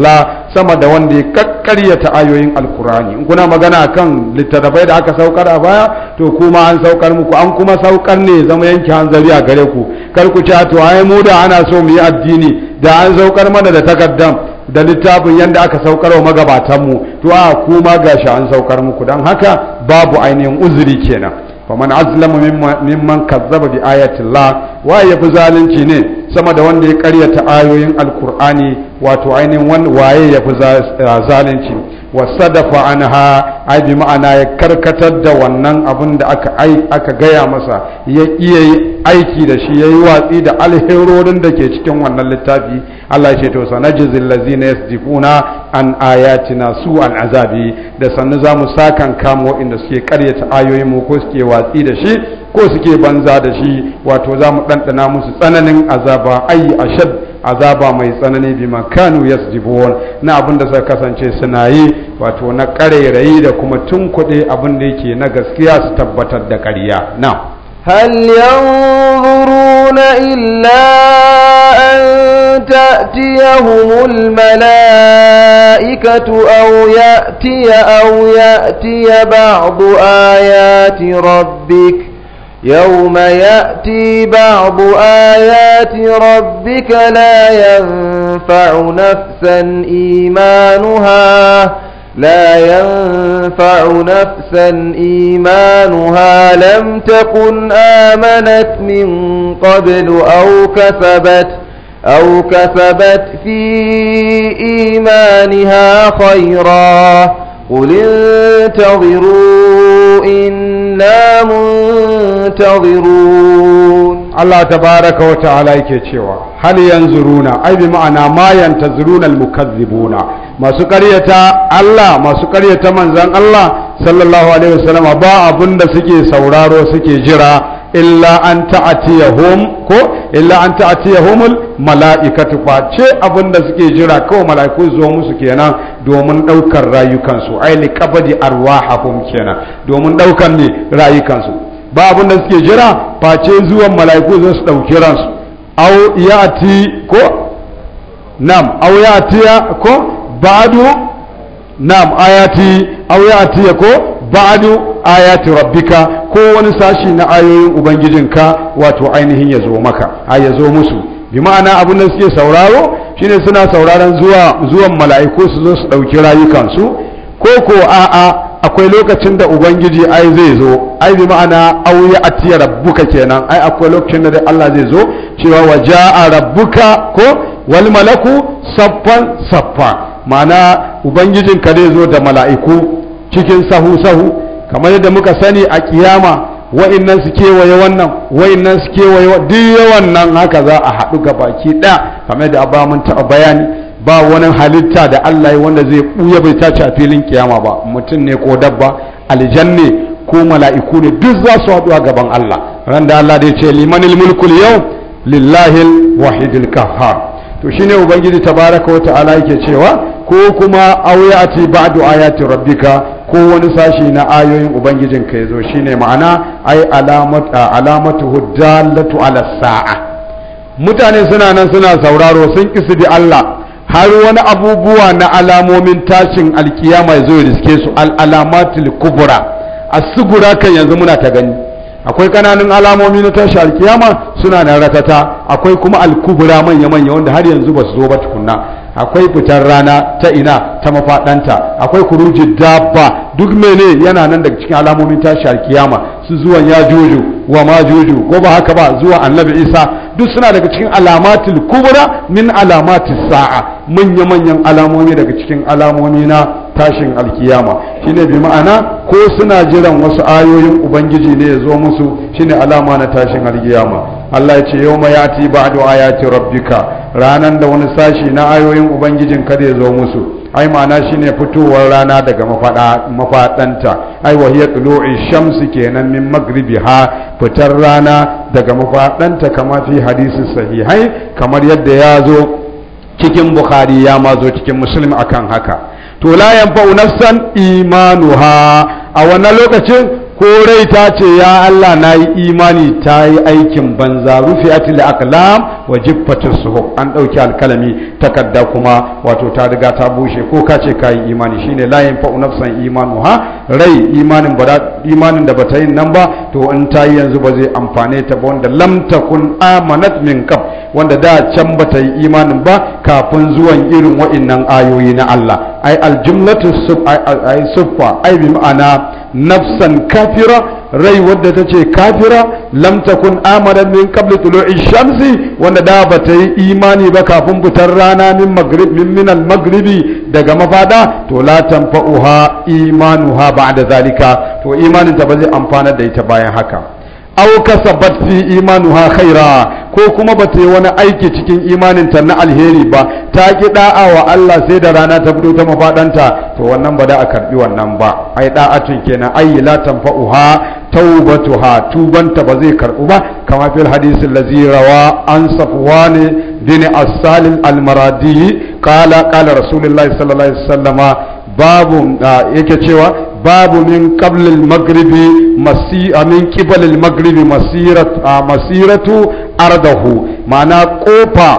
llah sama da wanda ya kakkaryata ayoyin alkurani in kuna magana kan littattafai da aka saukar a baya to kuma an saukar muku an kuma saukar ne zama yanke hanzari a gare ku kar ku ce to ai mu da ana so mu yi addini da an saukar mana da takaddam da littafin yadda aka saukar wa magabatanmu to a kuma gashi an saukar muku Dan haka babu ainihin uzuri kenan faman azlamu mimman kazzaba bi ayatillah wa ya fi zalunci ne sama da wanda ya karyata ayoyin alkur'ani wato ainihin wani waye ya fi zalunci wa sadafa anha ai bi ma'ana ya karkatar da wannan abin da aka aka gaya masa ya iya aiki da shi yayi watsi da alherorin da ke cikin wannan littafi Allah ya ce to sanajizil ladzina yasdifuna an ayatina su al azabi da sannu zamu sakan kamo inda suke karyata ayoyin mu ko suke watsi da shi ko suke banza da shi wato zamu dandana musu tsananin azaba ayi ashad azaba mai tsanani bi makanu yasdifun na abin da suka kasance suna yi wato na karairayi da kuma tunkuɗe abin da yake na gaskiya su tabbatar da ƙarya na hal yanzuru يريدون إلا أن تأتيهم الملائكة أو يأتي أو يأتي بعض آيات ربك يوم يأتي بعض آيات ربك لا ينفع نفسا إيمانها لا ينفع نفسا إيمانها لم تكن آمنت من قبل أو كسبت أو كسبت في إيمانها خيرا قل انتظروا إنا منتظرون الله تبارك وتعالى يكي هل ينظرون أي بمعنى ما ينتظرون المكذبون masu karyata Allah masu karyata manzan Allah sallallahu alaihi wasallam ba abin da suke sauraro suke jira illa an ta'atiyahum ko illa an ta'atiyahumul mala'ikatu fa ce abin da suke jira ko mala'iku zo musu kenan domin daukar rayukansu ai li qabdi arwahahum kenan domin ɗaukar ne rayukansu ba abin da suke jira face zuwan mala'iku zo su dauki ransu au yati ko nam au yatiya ko ba'du nam ayati aw ya'ti ko ba'du ayati rabbika ko wani sashi na ayoyin ubangijinka wato ainihin yazo maka a yazo musu bi ma'ana abin da suke sauraro shine suna sauraron zuwa zuwan mala'iku su zo su ɗauki rayukansu ko ko a'a akwai lokacin da ubangiji ai zai zo ai bi ma'ana aw ya rabbuka kenan ai akwai lokacin da Allah zai zo cewa waja'a rabbuka ko wal malaku saffan saffa mana ubangijin ka zai zo da mala'iku cikin sahu sahu kamar yadda muka sani a kiyama wa'innan su kewaye wannan wa'innan su kewaye duk yawan nan haka za a haɗu ga baki ɗaya kamar da ba mun taɓa bayani ba wani halitta da Allah ya wanda zai ɓuya bai tace a filin kiyama ba mutum ne ko dabba aljanne ko mala'iku ne duk za su haɗu a gaban Allah ran da Allah da ya ce limanil mulkul yau lillahil wahidil kahar to shine ubangiji tabaraka wa ta'ala yake cewa ko kuma auya a ce ba'du ayati rabbika ko wani sashi na ayoyin ubangijin ka yazo shine ma'ana ay alamat alamatu hudallatu ala sa'a mutane suna nan suna sauraro sun kisu bi Allah har wani abubuwa na alamomin tashin alkiyama yazo ya riske su al alamatul kubra asugura kan yanzu muna ta gani akwai kananan alamomi na tashi alkiyama suna na ratata akwai kuma kubra manya-manya wanda har yanzu ba su zo ba tukunna akwai fitar rana ta ina ta mafaɗanta akwai kuruji dabba duk mene yana nan daga cikin alamomin tashi alkiyama su zuwan ya jojo wa ma jojo ko ba haka ba zuwa annabi isa duk suna daga cikin alamatul kubra min alamatis sa'a manya manyan alamomi daga cikin alamomi na tashin alkiyama shine bi ma'ana ko suna jiran wasu ayoyin ubangiji ne ya zo musu shine alama na tashin alkiyama Allah ya ce yau ma yati ya ayati rabbika ranan da wani sashi na ayoyin ubangijin ka ya zo musu ai ma'ana shine fitowar rana daga mafada mafadanta ai wa hiya tulu'i shamsi kenan min magribiha fitar rana daga mafadanta kamar fi hadisi sahihai kamar yadda ya zo cikin bukhari ya ma zo cikin muslim akan haka to la yanfa'u nafsan imanuha a wannan lokacin ko rai ta ce ya Allah na yi imani ta yi aikin banza rufe a tili akalam wa jiffatin suhuf an ɗauki alkalami takarda kuma wato ta riga ta bushe ko ka ce ka yi imani shine layin fa'u nafsan imanu ha rai imanin da bata yin nan ba to in ta yi yanzu ba zai amfane ta ba wanda lam takun amanat min qab wanda da can bata yi imanin ba kafin zuwan irin nan ayoyi na Allah ai aljumlatu ai ai bi ma'ana nafsan kafira rai wadda ta ce kafira lam takun amaran min qabli tulu'i shamsi wanda da ba ta yi imani ba kafin fitar rana min maghrib min min al maghribi daga mafada to la tanfa'uha imanuha ba'da zalika to imanin ta ba zai amfana da ita bayan haka auka kasabat fi imanuha khaira ko kuma ba ta yi wani aiki cikin imaninta na alheri ba ta ki da'a wa Allah sai da rana ta fito ta mafadanta to wannan ba da a karbi wannan ba ai da'atun kenan ai la tanfa'uha taubatuha tubanta ba zai karbu ba kama fil hadisin lazi rawa an safwani bin as-salim al-maradi qala qala rasulullahi sallallahu alaihi wasallama babu ah, yake cewa babu min qablil maghribi masi'a min masiratu ardahu ma'ana kofa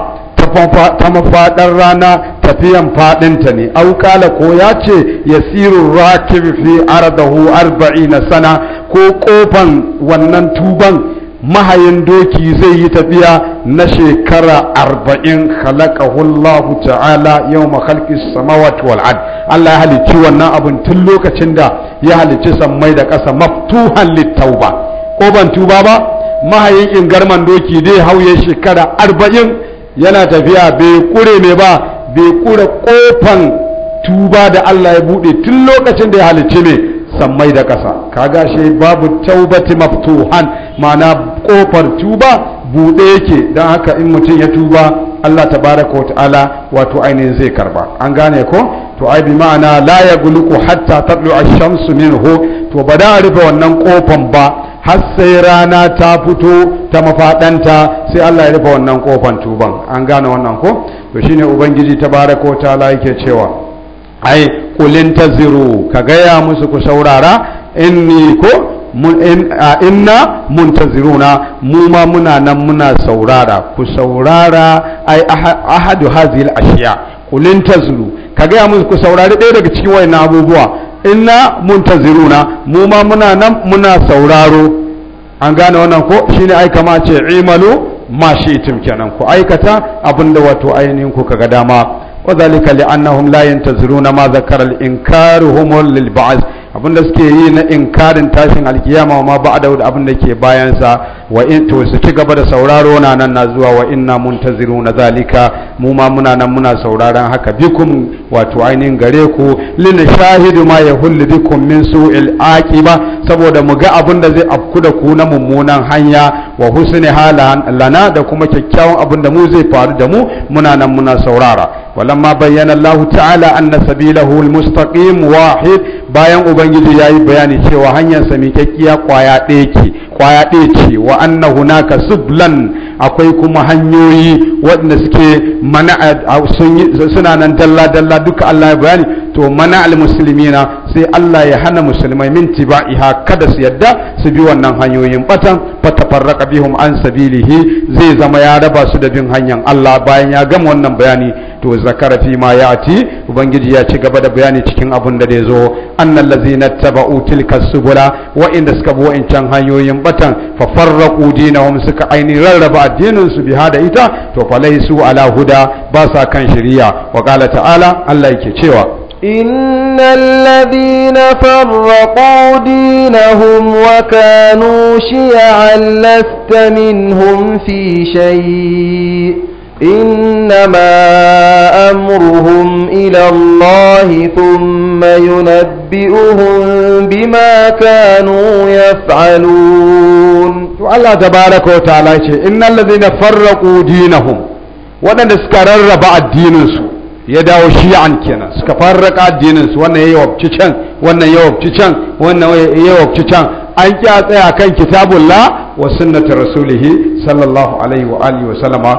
ta mafaɗar rana tafiyan faɗinta ne aukala ko ya ce ya siru rakib fi ardahu arba'ina sana ko kofan wannan tuban mahayin doki zai yi tafiya na shekara arba'in khalaqahullahu ta'ala yau makalki samawati wal ard Allah ya halicci wannan abin tun lokacin da ya halicci sammai da ƙasa maftuhan littauba ko ban tuba ba mahayin ingarman doki dai hauye shekara arba'in yana tafiya bai kure mai ba bai kure kofan tuba da Allah ya buɗe tun lokacin da ya halicci mai sammai da ƙasa kaga shi babu taubati maftuhan ma'ana kofar tuba buɗe yake don haka in mutum ya tuba Allah tabaraka ta'ala wato ainihin zai karba an gane ko to ai bi ma'ana la ya guluku hatta tatlu ash-shamsu minhu to ba da rufe wannan kofan ba har sai rana ta fito ta mafadanta sai Allah ya rufe wannan kofan tuban an gane wannan ko to shine ubangiji tabaraka ta'ala yake cewa ai kulin ta ziru ka gaya musu ku saurara inni ko inna na mu ma muna nan muna saurara ku saurara ai ahadu hazil ashiya kulin ta ziru ka gaya musu ku saurari ɗaya daga cikin wayannan abubuwa inna na mu ma muna nan muna sauraro an gane wannan ko shine ai kama ce imalu ma shi kenan ku aikata abinda wato ainihin ku kaga dama وذلك لأنهم لا ينتظرون ما ذكر الإنكار هم للبعث da suke yi na inkarin tashin alkiyama ma ba a da abin da ke bayansa wa in to su ci gaba da sauraro na nan na zuwa wa inna muntaziru na zalika mu ma muna nan muna sauraron haka bikum wato ainihin gare ku lin shahidu ma yahullu bikum min su'il aqiba saboda mu ga abin da zai afku da ku na mummunan hanya wa husni halan lana da kuma kyakkyawan abin da mu zai faru da mu muna nan muna saurara walamma bayyana Allah ta'ala anna sabilahu al-mustaqim wahid bayan uban ubangiji ya yi bayani cewa hanyar samikakkiya kwaya ɗaya ce kwaya ɗaya ce wa anna hunaka sublan akwai kuma hanyoyi waɗanda suke mana suna nan dalla dalla duka Allah ya bayani to mana al muslimina sai Allah ya hana musulmai minti ba iha kada su yadda su bi wannan hanyoyin batan fatafarraqa bihum an sabilihi zai zama ya raba su da bin hanyar Allah bayan ya gama wannan bayani to zakara fi ma yati ubangiji ya ci gaba da bayani cikin abun da zai zo annal ladzina taba'u tilka subula wa inda suka bi wa'incan hanyoyin batan fa dinahum suka aini rarraba addinin su biha da ita to falaisu ala huda ba sa kan shari'a wa qala ta'ala Allah yake cewa إن الذين فرقوا دينهم وكانوا شيعا لست منهم في شيء إنما أمرهم إلى الله ثم ينبئهم بما كانوا يفعلون الله تبارك وتعالى إن الذين فرقوا دينهم ودن بعد دينهم ya dawo shi'an kenan suka farraka addinin su wannan ya wabci can wannan ya wabci can wannan wabci can an ki a tsaya kan kitabullah wa sunnati rasulihi sallallahu alaihi wa alihi wa sallama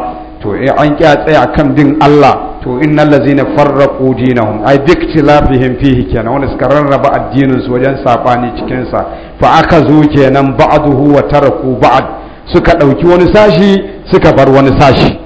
to eh an ki tsaya kan din Allah to innal ladzina farraqu dinahum ai biktilafihim fihi kenan wanda suka rarraba addinin su wajen sabani cikin sa fa zo kenan ba'duhu wa taraku ba'd suka dauki wani sashi suka bar wani sashi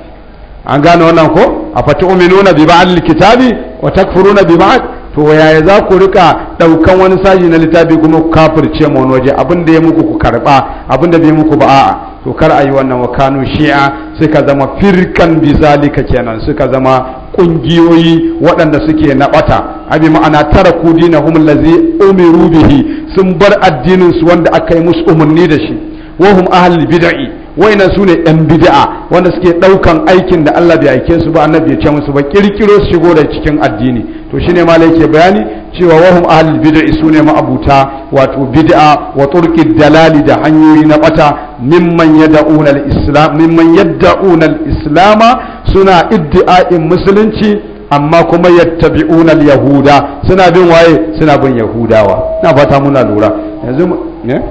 an gane wannan ko a fata uminuna bi ba'al kitabi wa takfuruna bi ba'ad to yaya za ku rika daukan wani sashi na littafi kuma ku kafirce mu wani waje abin da ya muku ku karba abin da bai muku ba a'a to kar a yi wannan wa kanu shi'a suka zama firkan bizalika kenan suka zama kungiyoyi waɗanda suke na bata abi ma'ana taraku dinahum allazi umiru bihi sun bar addinin su wanda aka yi musu umarni da shi wa hum bida'i wayannan su ne yan bid'a wanda suke ɗaukan aikin da Allah bai aike su ba annabi ya ce musu ba ƙirƙiro su shigo da cikin addini to shine malai yake bayani cewa wahum ahlul bid'i sune ma'abuta wato bid'a wa turqi dalali da hanyoyi na bata mimman yad'una al-islam mimman yad'una al-islama suna iddi'a'in musulunci amma kuma yattabi'una al-yahuda suna bin waye suna bin yahudawa na fata muna lura yanzu eh?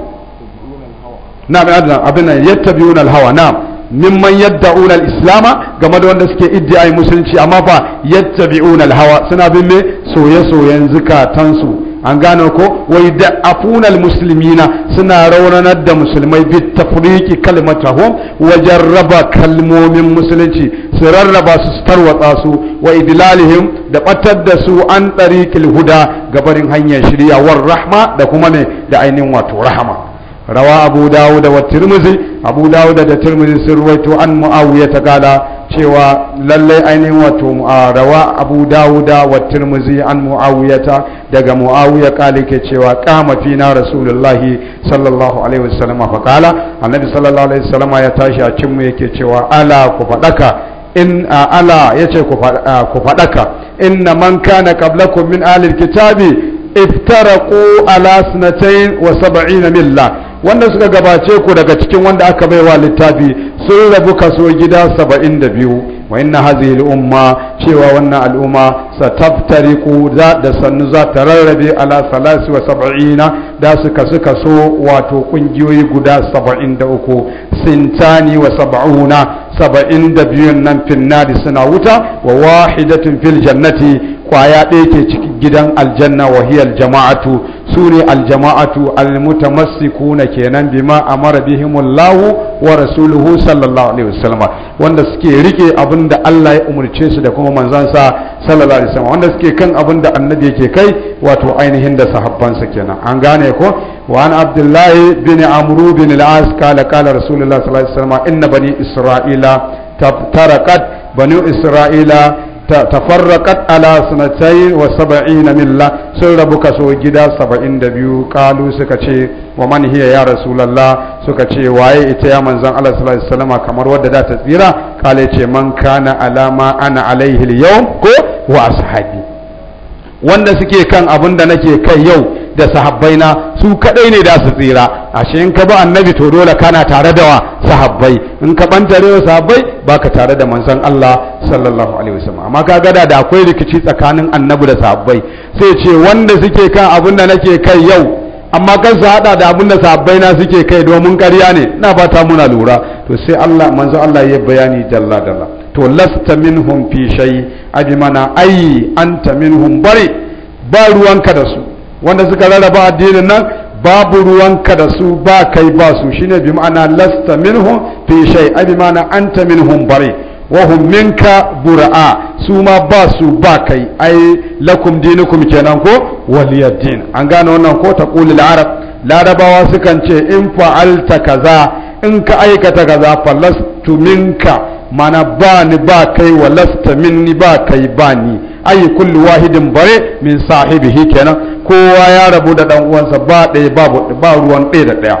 na'am adnan abin nan yattabi'una al-hawa na'am mimman yadda'una al-islama game da wanda suke iddiai musulunci amma fa yattabi'una al-hawa suna bin me soye-soyen zukatansu an gane ko wai da'afuna al-muslimina suna raunanar da musulmai bi tafriqi kalmatahum wajen raba kalmomin musulunci su rarraba su tarwatsa su wa dilalihim da batar da su an tariqil huda gabarin hanyar shiryawar rahma da kuma ne da ainihin wato rahama rawa abu Dawuda wa tirmizi abu Dawuda da tirmizi sun ruwaito an muawiya ta kala cewa lallai ainihin wato rawa abu Dawuda wa tirmizi an muawiya ta daga muawiya kali ke cewa kama fi na rasulullahi sallallahu alaihi wasallam fa kala annabi sallallahu alaihi wasallam ya tashi a cin mu yake cewa ala ku fadaka in ala yace ku fadaka inna man kana qablakum min ahli alkitabi افترقوا على سنتين وسبعين ملة wanda suka gabace ku daga cikin wanda aka baiwa littafi sun rabu kaso gida saba'in da biyu wa inna hazihi al'umma cewa wannan al'umma sataftariku za da sannu za ta rarrabe ala salasi wa saba'ina da su kasu so wato kungiyoyi guda saba'in da uku sintani wa saba'una saba'in da biyun nan finnari suna wuta wa wahidatin fil jannati kwaya ɗaya ke cikin gidan aljanna wa hiyar jama'atu su ne aljama'atu almutamassikuna kenan bima amara bihimullahu wa rasuluhu sallallahu alaihi wasallam wanda suke rike abin da Allah ya umarce su da kuma manzansa sallallahu alaihi wasallam wanda suke kan abin da annabi yake kai wato ainihin da sahabbansa kenan an gane ko wa an abdullahi bin amru bin al-as kala kala rasulullah sallallahu alaihi wasallam inna bani isra'ila tabtarakat bani isra'ila tafarraqat ala sanatayn wa sab'ina milla sun rabu kaso gida 72 kalu suka ce wa man hiya ya rasulullah suka ce waye ita ya manzon Allah kamar wadda da ta tsira kale ce man kana alama ana alaihi al ko wa ashabi wanda suke kan abin da nake kai yau da sahabbaina su kadai ne da su tsira ashe in ka bi annabi to dole kana tare da wa sahabbai in ka bantare wa sahabbai ka tare da manzon Allah sallallahu alaihi wasallam amma ka gada da akwai rikici tsakanin annabi da sahabbai sai ce wanda suke kan abin da nake kai yau amma kan su hada da abin da sahabbai na suke kai domin ƙarya ne ina fata muna lura to sai Allah manzon Allah ya bayani jalla dalla to lasta minhum fi shay ajmana ai anta minhum bari ba ruwanka da su wanda suka rarraba addinin nan babu ruwanka da su ba kai ba su shine bi ma'ana lasta minhum fi shay ai bi ma'ana anta minhum bari wa hum minka bura'a su ma ba su ba kai ai lakum dinukum kenan ko waliyaddin an gane wannan ko ta taqulul arab larabawa sukan ce in fa'alta kaza in ka aikata kaza falastu minka mana ba ni ba kai wa lasta minni ba kai ba ni ayi kullu wahidin bare min sahibihi kenan kowa ya rabu da dan uwansa ba ɗaya babu ba ruwan ɗaya da ɗaya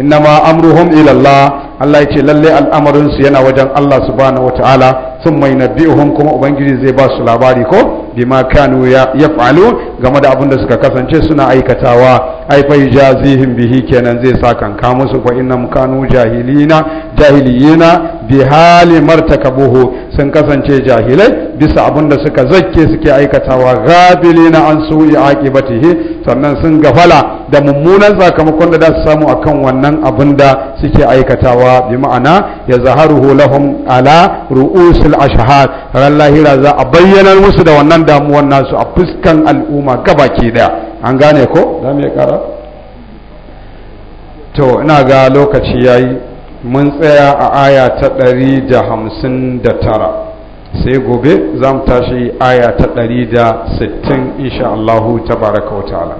innama amruhum ila Allah Allah yace lalle al'amarin su yana wajen Allah subhanahu wataala sun mai nabi'uhum kuma ubangiji zai ba su labari ko bima kanu yaf'alu game da abin da suka kasance suna aikatawa ai fa yajazihim bihi kenan zai sa kanka musu fa innam kanu jahilina jahiliyina bi hali martakabuhu sun kasance jahilai bisa abin da suka zakke suke aikatawa gabilina an su'i aqibatihi sannan sun gafala da mummunan sakamakon da za su samu akan wannan abin da suke aikatawa bi ma'ana ya zaharuhu lahum ala ru'usul ashhad ran lahira za a bayyana musu da wannan damuwar nasu a fuskan al'umma gabaki daya an gane ko mu iya kara to ina ga lokaci yayi mun tsaya a aya ta ɗari da hamsin da tara sai gobe za mu tashi aya ta ɗari da sittin insha Allahu ta baraka wa ta'ala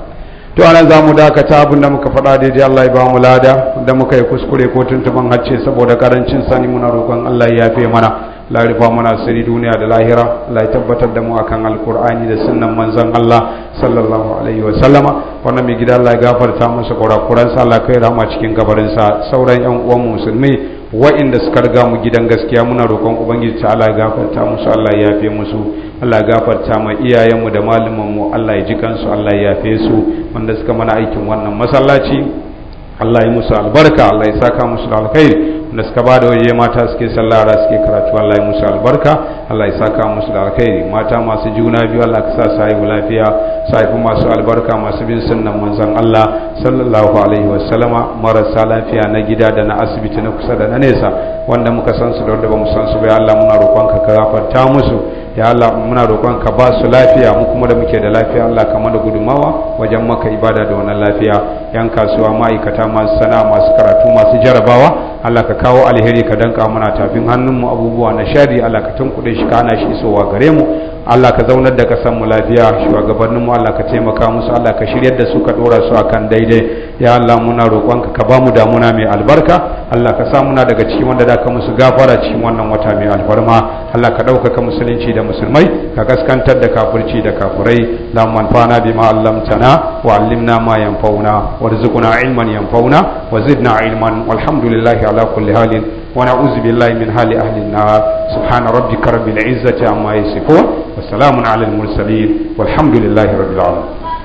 to anan za mu dakata abin da muka faɗa daidai Allah ya ba mu lada da muka yi kuskure ko tuntuban hacce saboda karancin sani muna roƙon Allah ya yafe mana Larifa muna mana duniya da lahira ya tabbatar da mu akan alkur'ani da sunnan manzon Allah sallallahu alaihi wa sallama wannan mai gida Allah ya gafarta masa kurakuran sa Allah kai rahama cikin kabarin sa sauran yan uwan musulmi wa'inda suka riga mu gidan gaskiya muna roƙon ubangiji ta Allah ya gafarta musu Allah ya yafe musu Allah ya gafarta ma iyayenmu da malamanmu Allah ya ji kansu Allah ya yafe su wanda suka mana aikin wannan masallaci Allah ya musu albarka Allah ya saka musu da alkhairi da suka ba da waje mata suke sallah da suke karatu Allah ya musu albarka Allah ya saka musu da alkhairi mata masu juna biyu Allah ka sa su haihu lafiya su haifi masu albarka masu bin sunnan manzon Allah sallallahu alaihi wasallama marasa lafiya na gida da na asibiti na kusa da na nesa wanda muka san su da wanda bamu san su ba Allah muna roƙon ka ka gafarta musu ya Allah muna roƙon ka ba su lafiya mu kuma da muke da lafiya Allah ka mana gudumawa wajen maka ibada da wannan lafiya yan kasuwa ma'aikata masu sana'a masu karatu masu jarabawa Allah ka kawo alheri ka danka muna tafin hannunmu abubuwa na shari Allah ka tunkuɗe shi kana shi isowa gare mu Allah ka zaunar da kasan mu lafiya shugabanninmu Allah ka taimaka musu Allah ka shiryar da su ka dora su akan daidai ya Allah muna roƙonka ka ba mu damuna mai albarka Allah ka sa muna daga cikin wanda da ka musu gafara cikin wannan wata mai alfarma Allah ka ɗaukaka musulunci da musulmai ka kaskantar da kafurci da kafurai la manfana bima allamtana wa allimna ma yanfauna warzuqna ilman yanfauna wa zidna ilman walhamdulillahi على كل حال ونعوذ بالله من حال أهل النار سبحان ربك رب العزة عما يصفون وسلام على المرسلين والحمد لله رب العالمين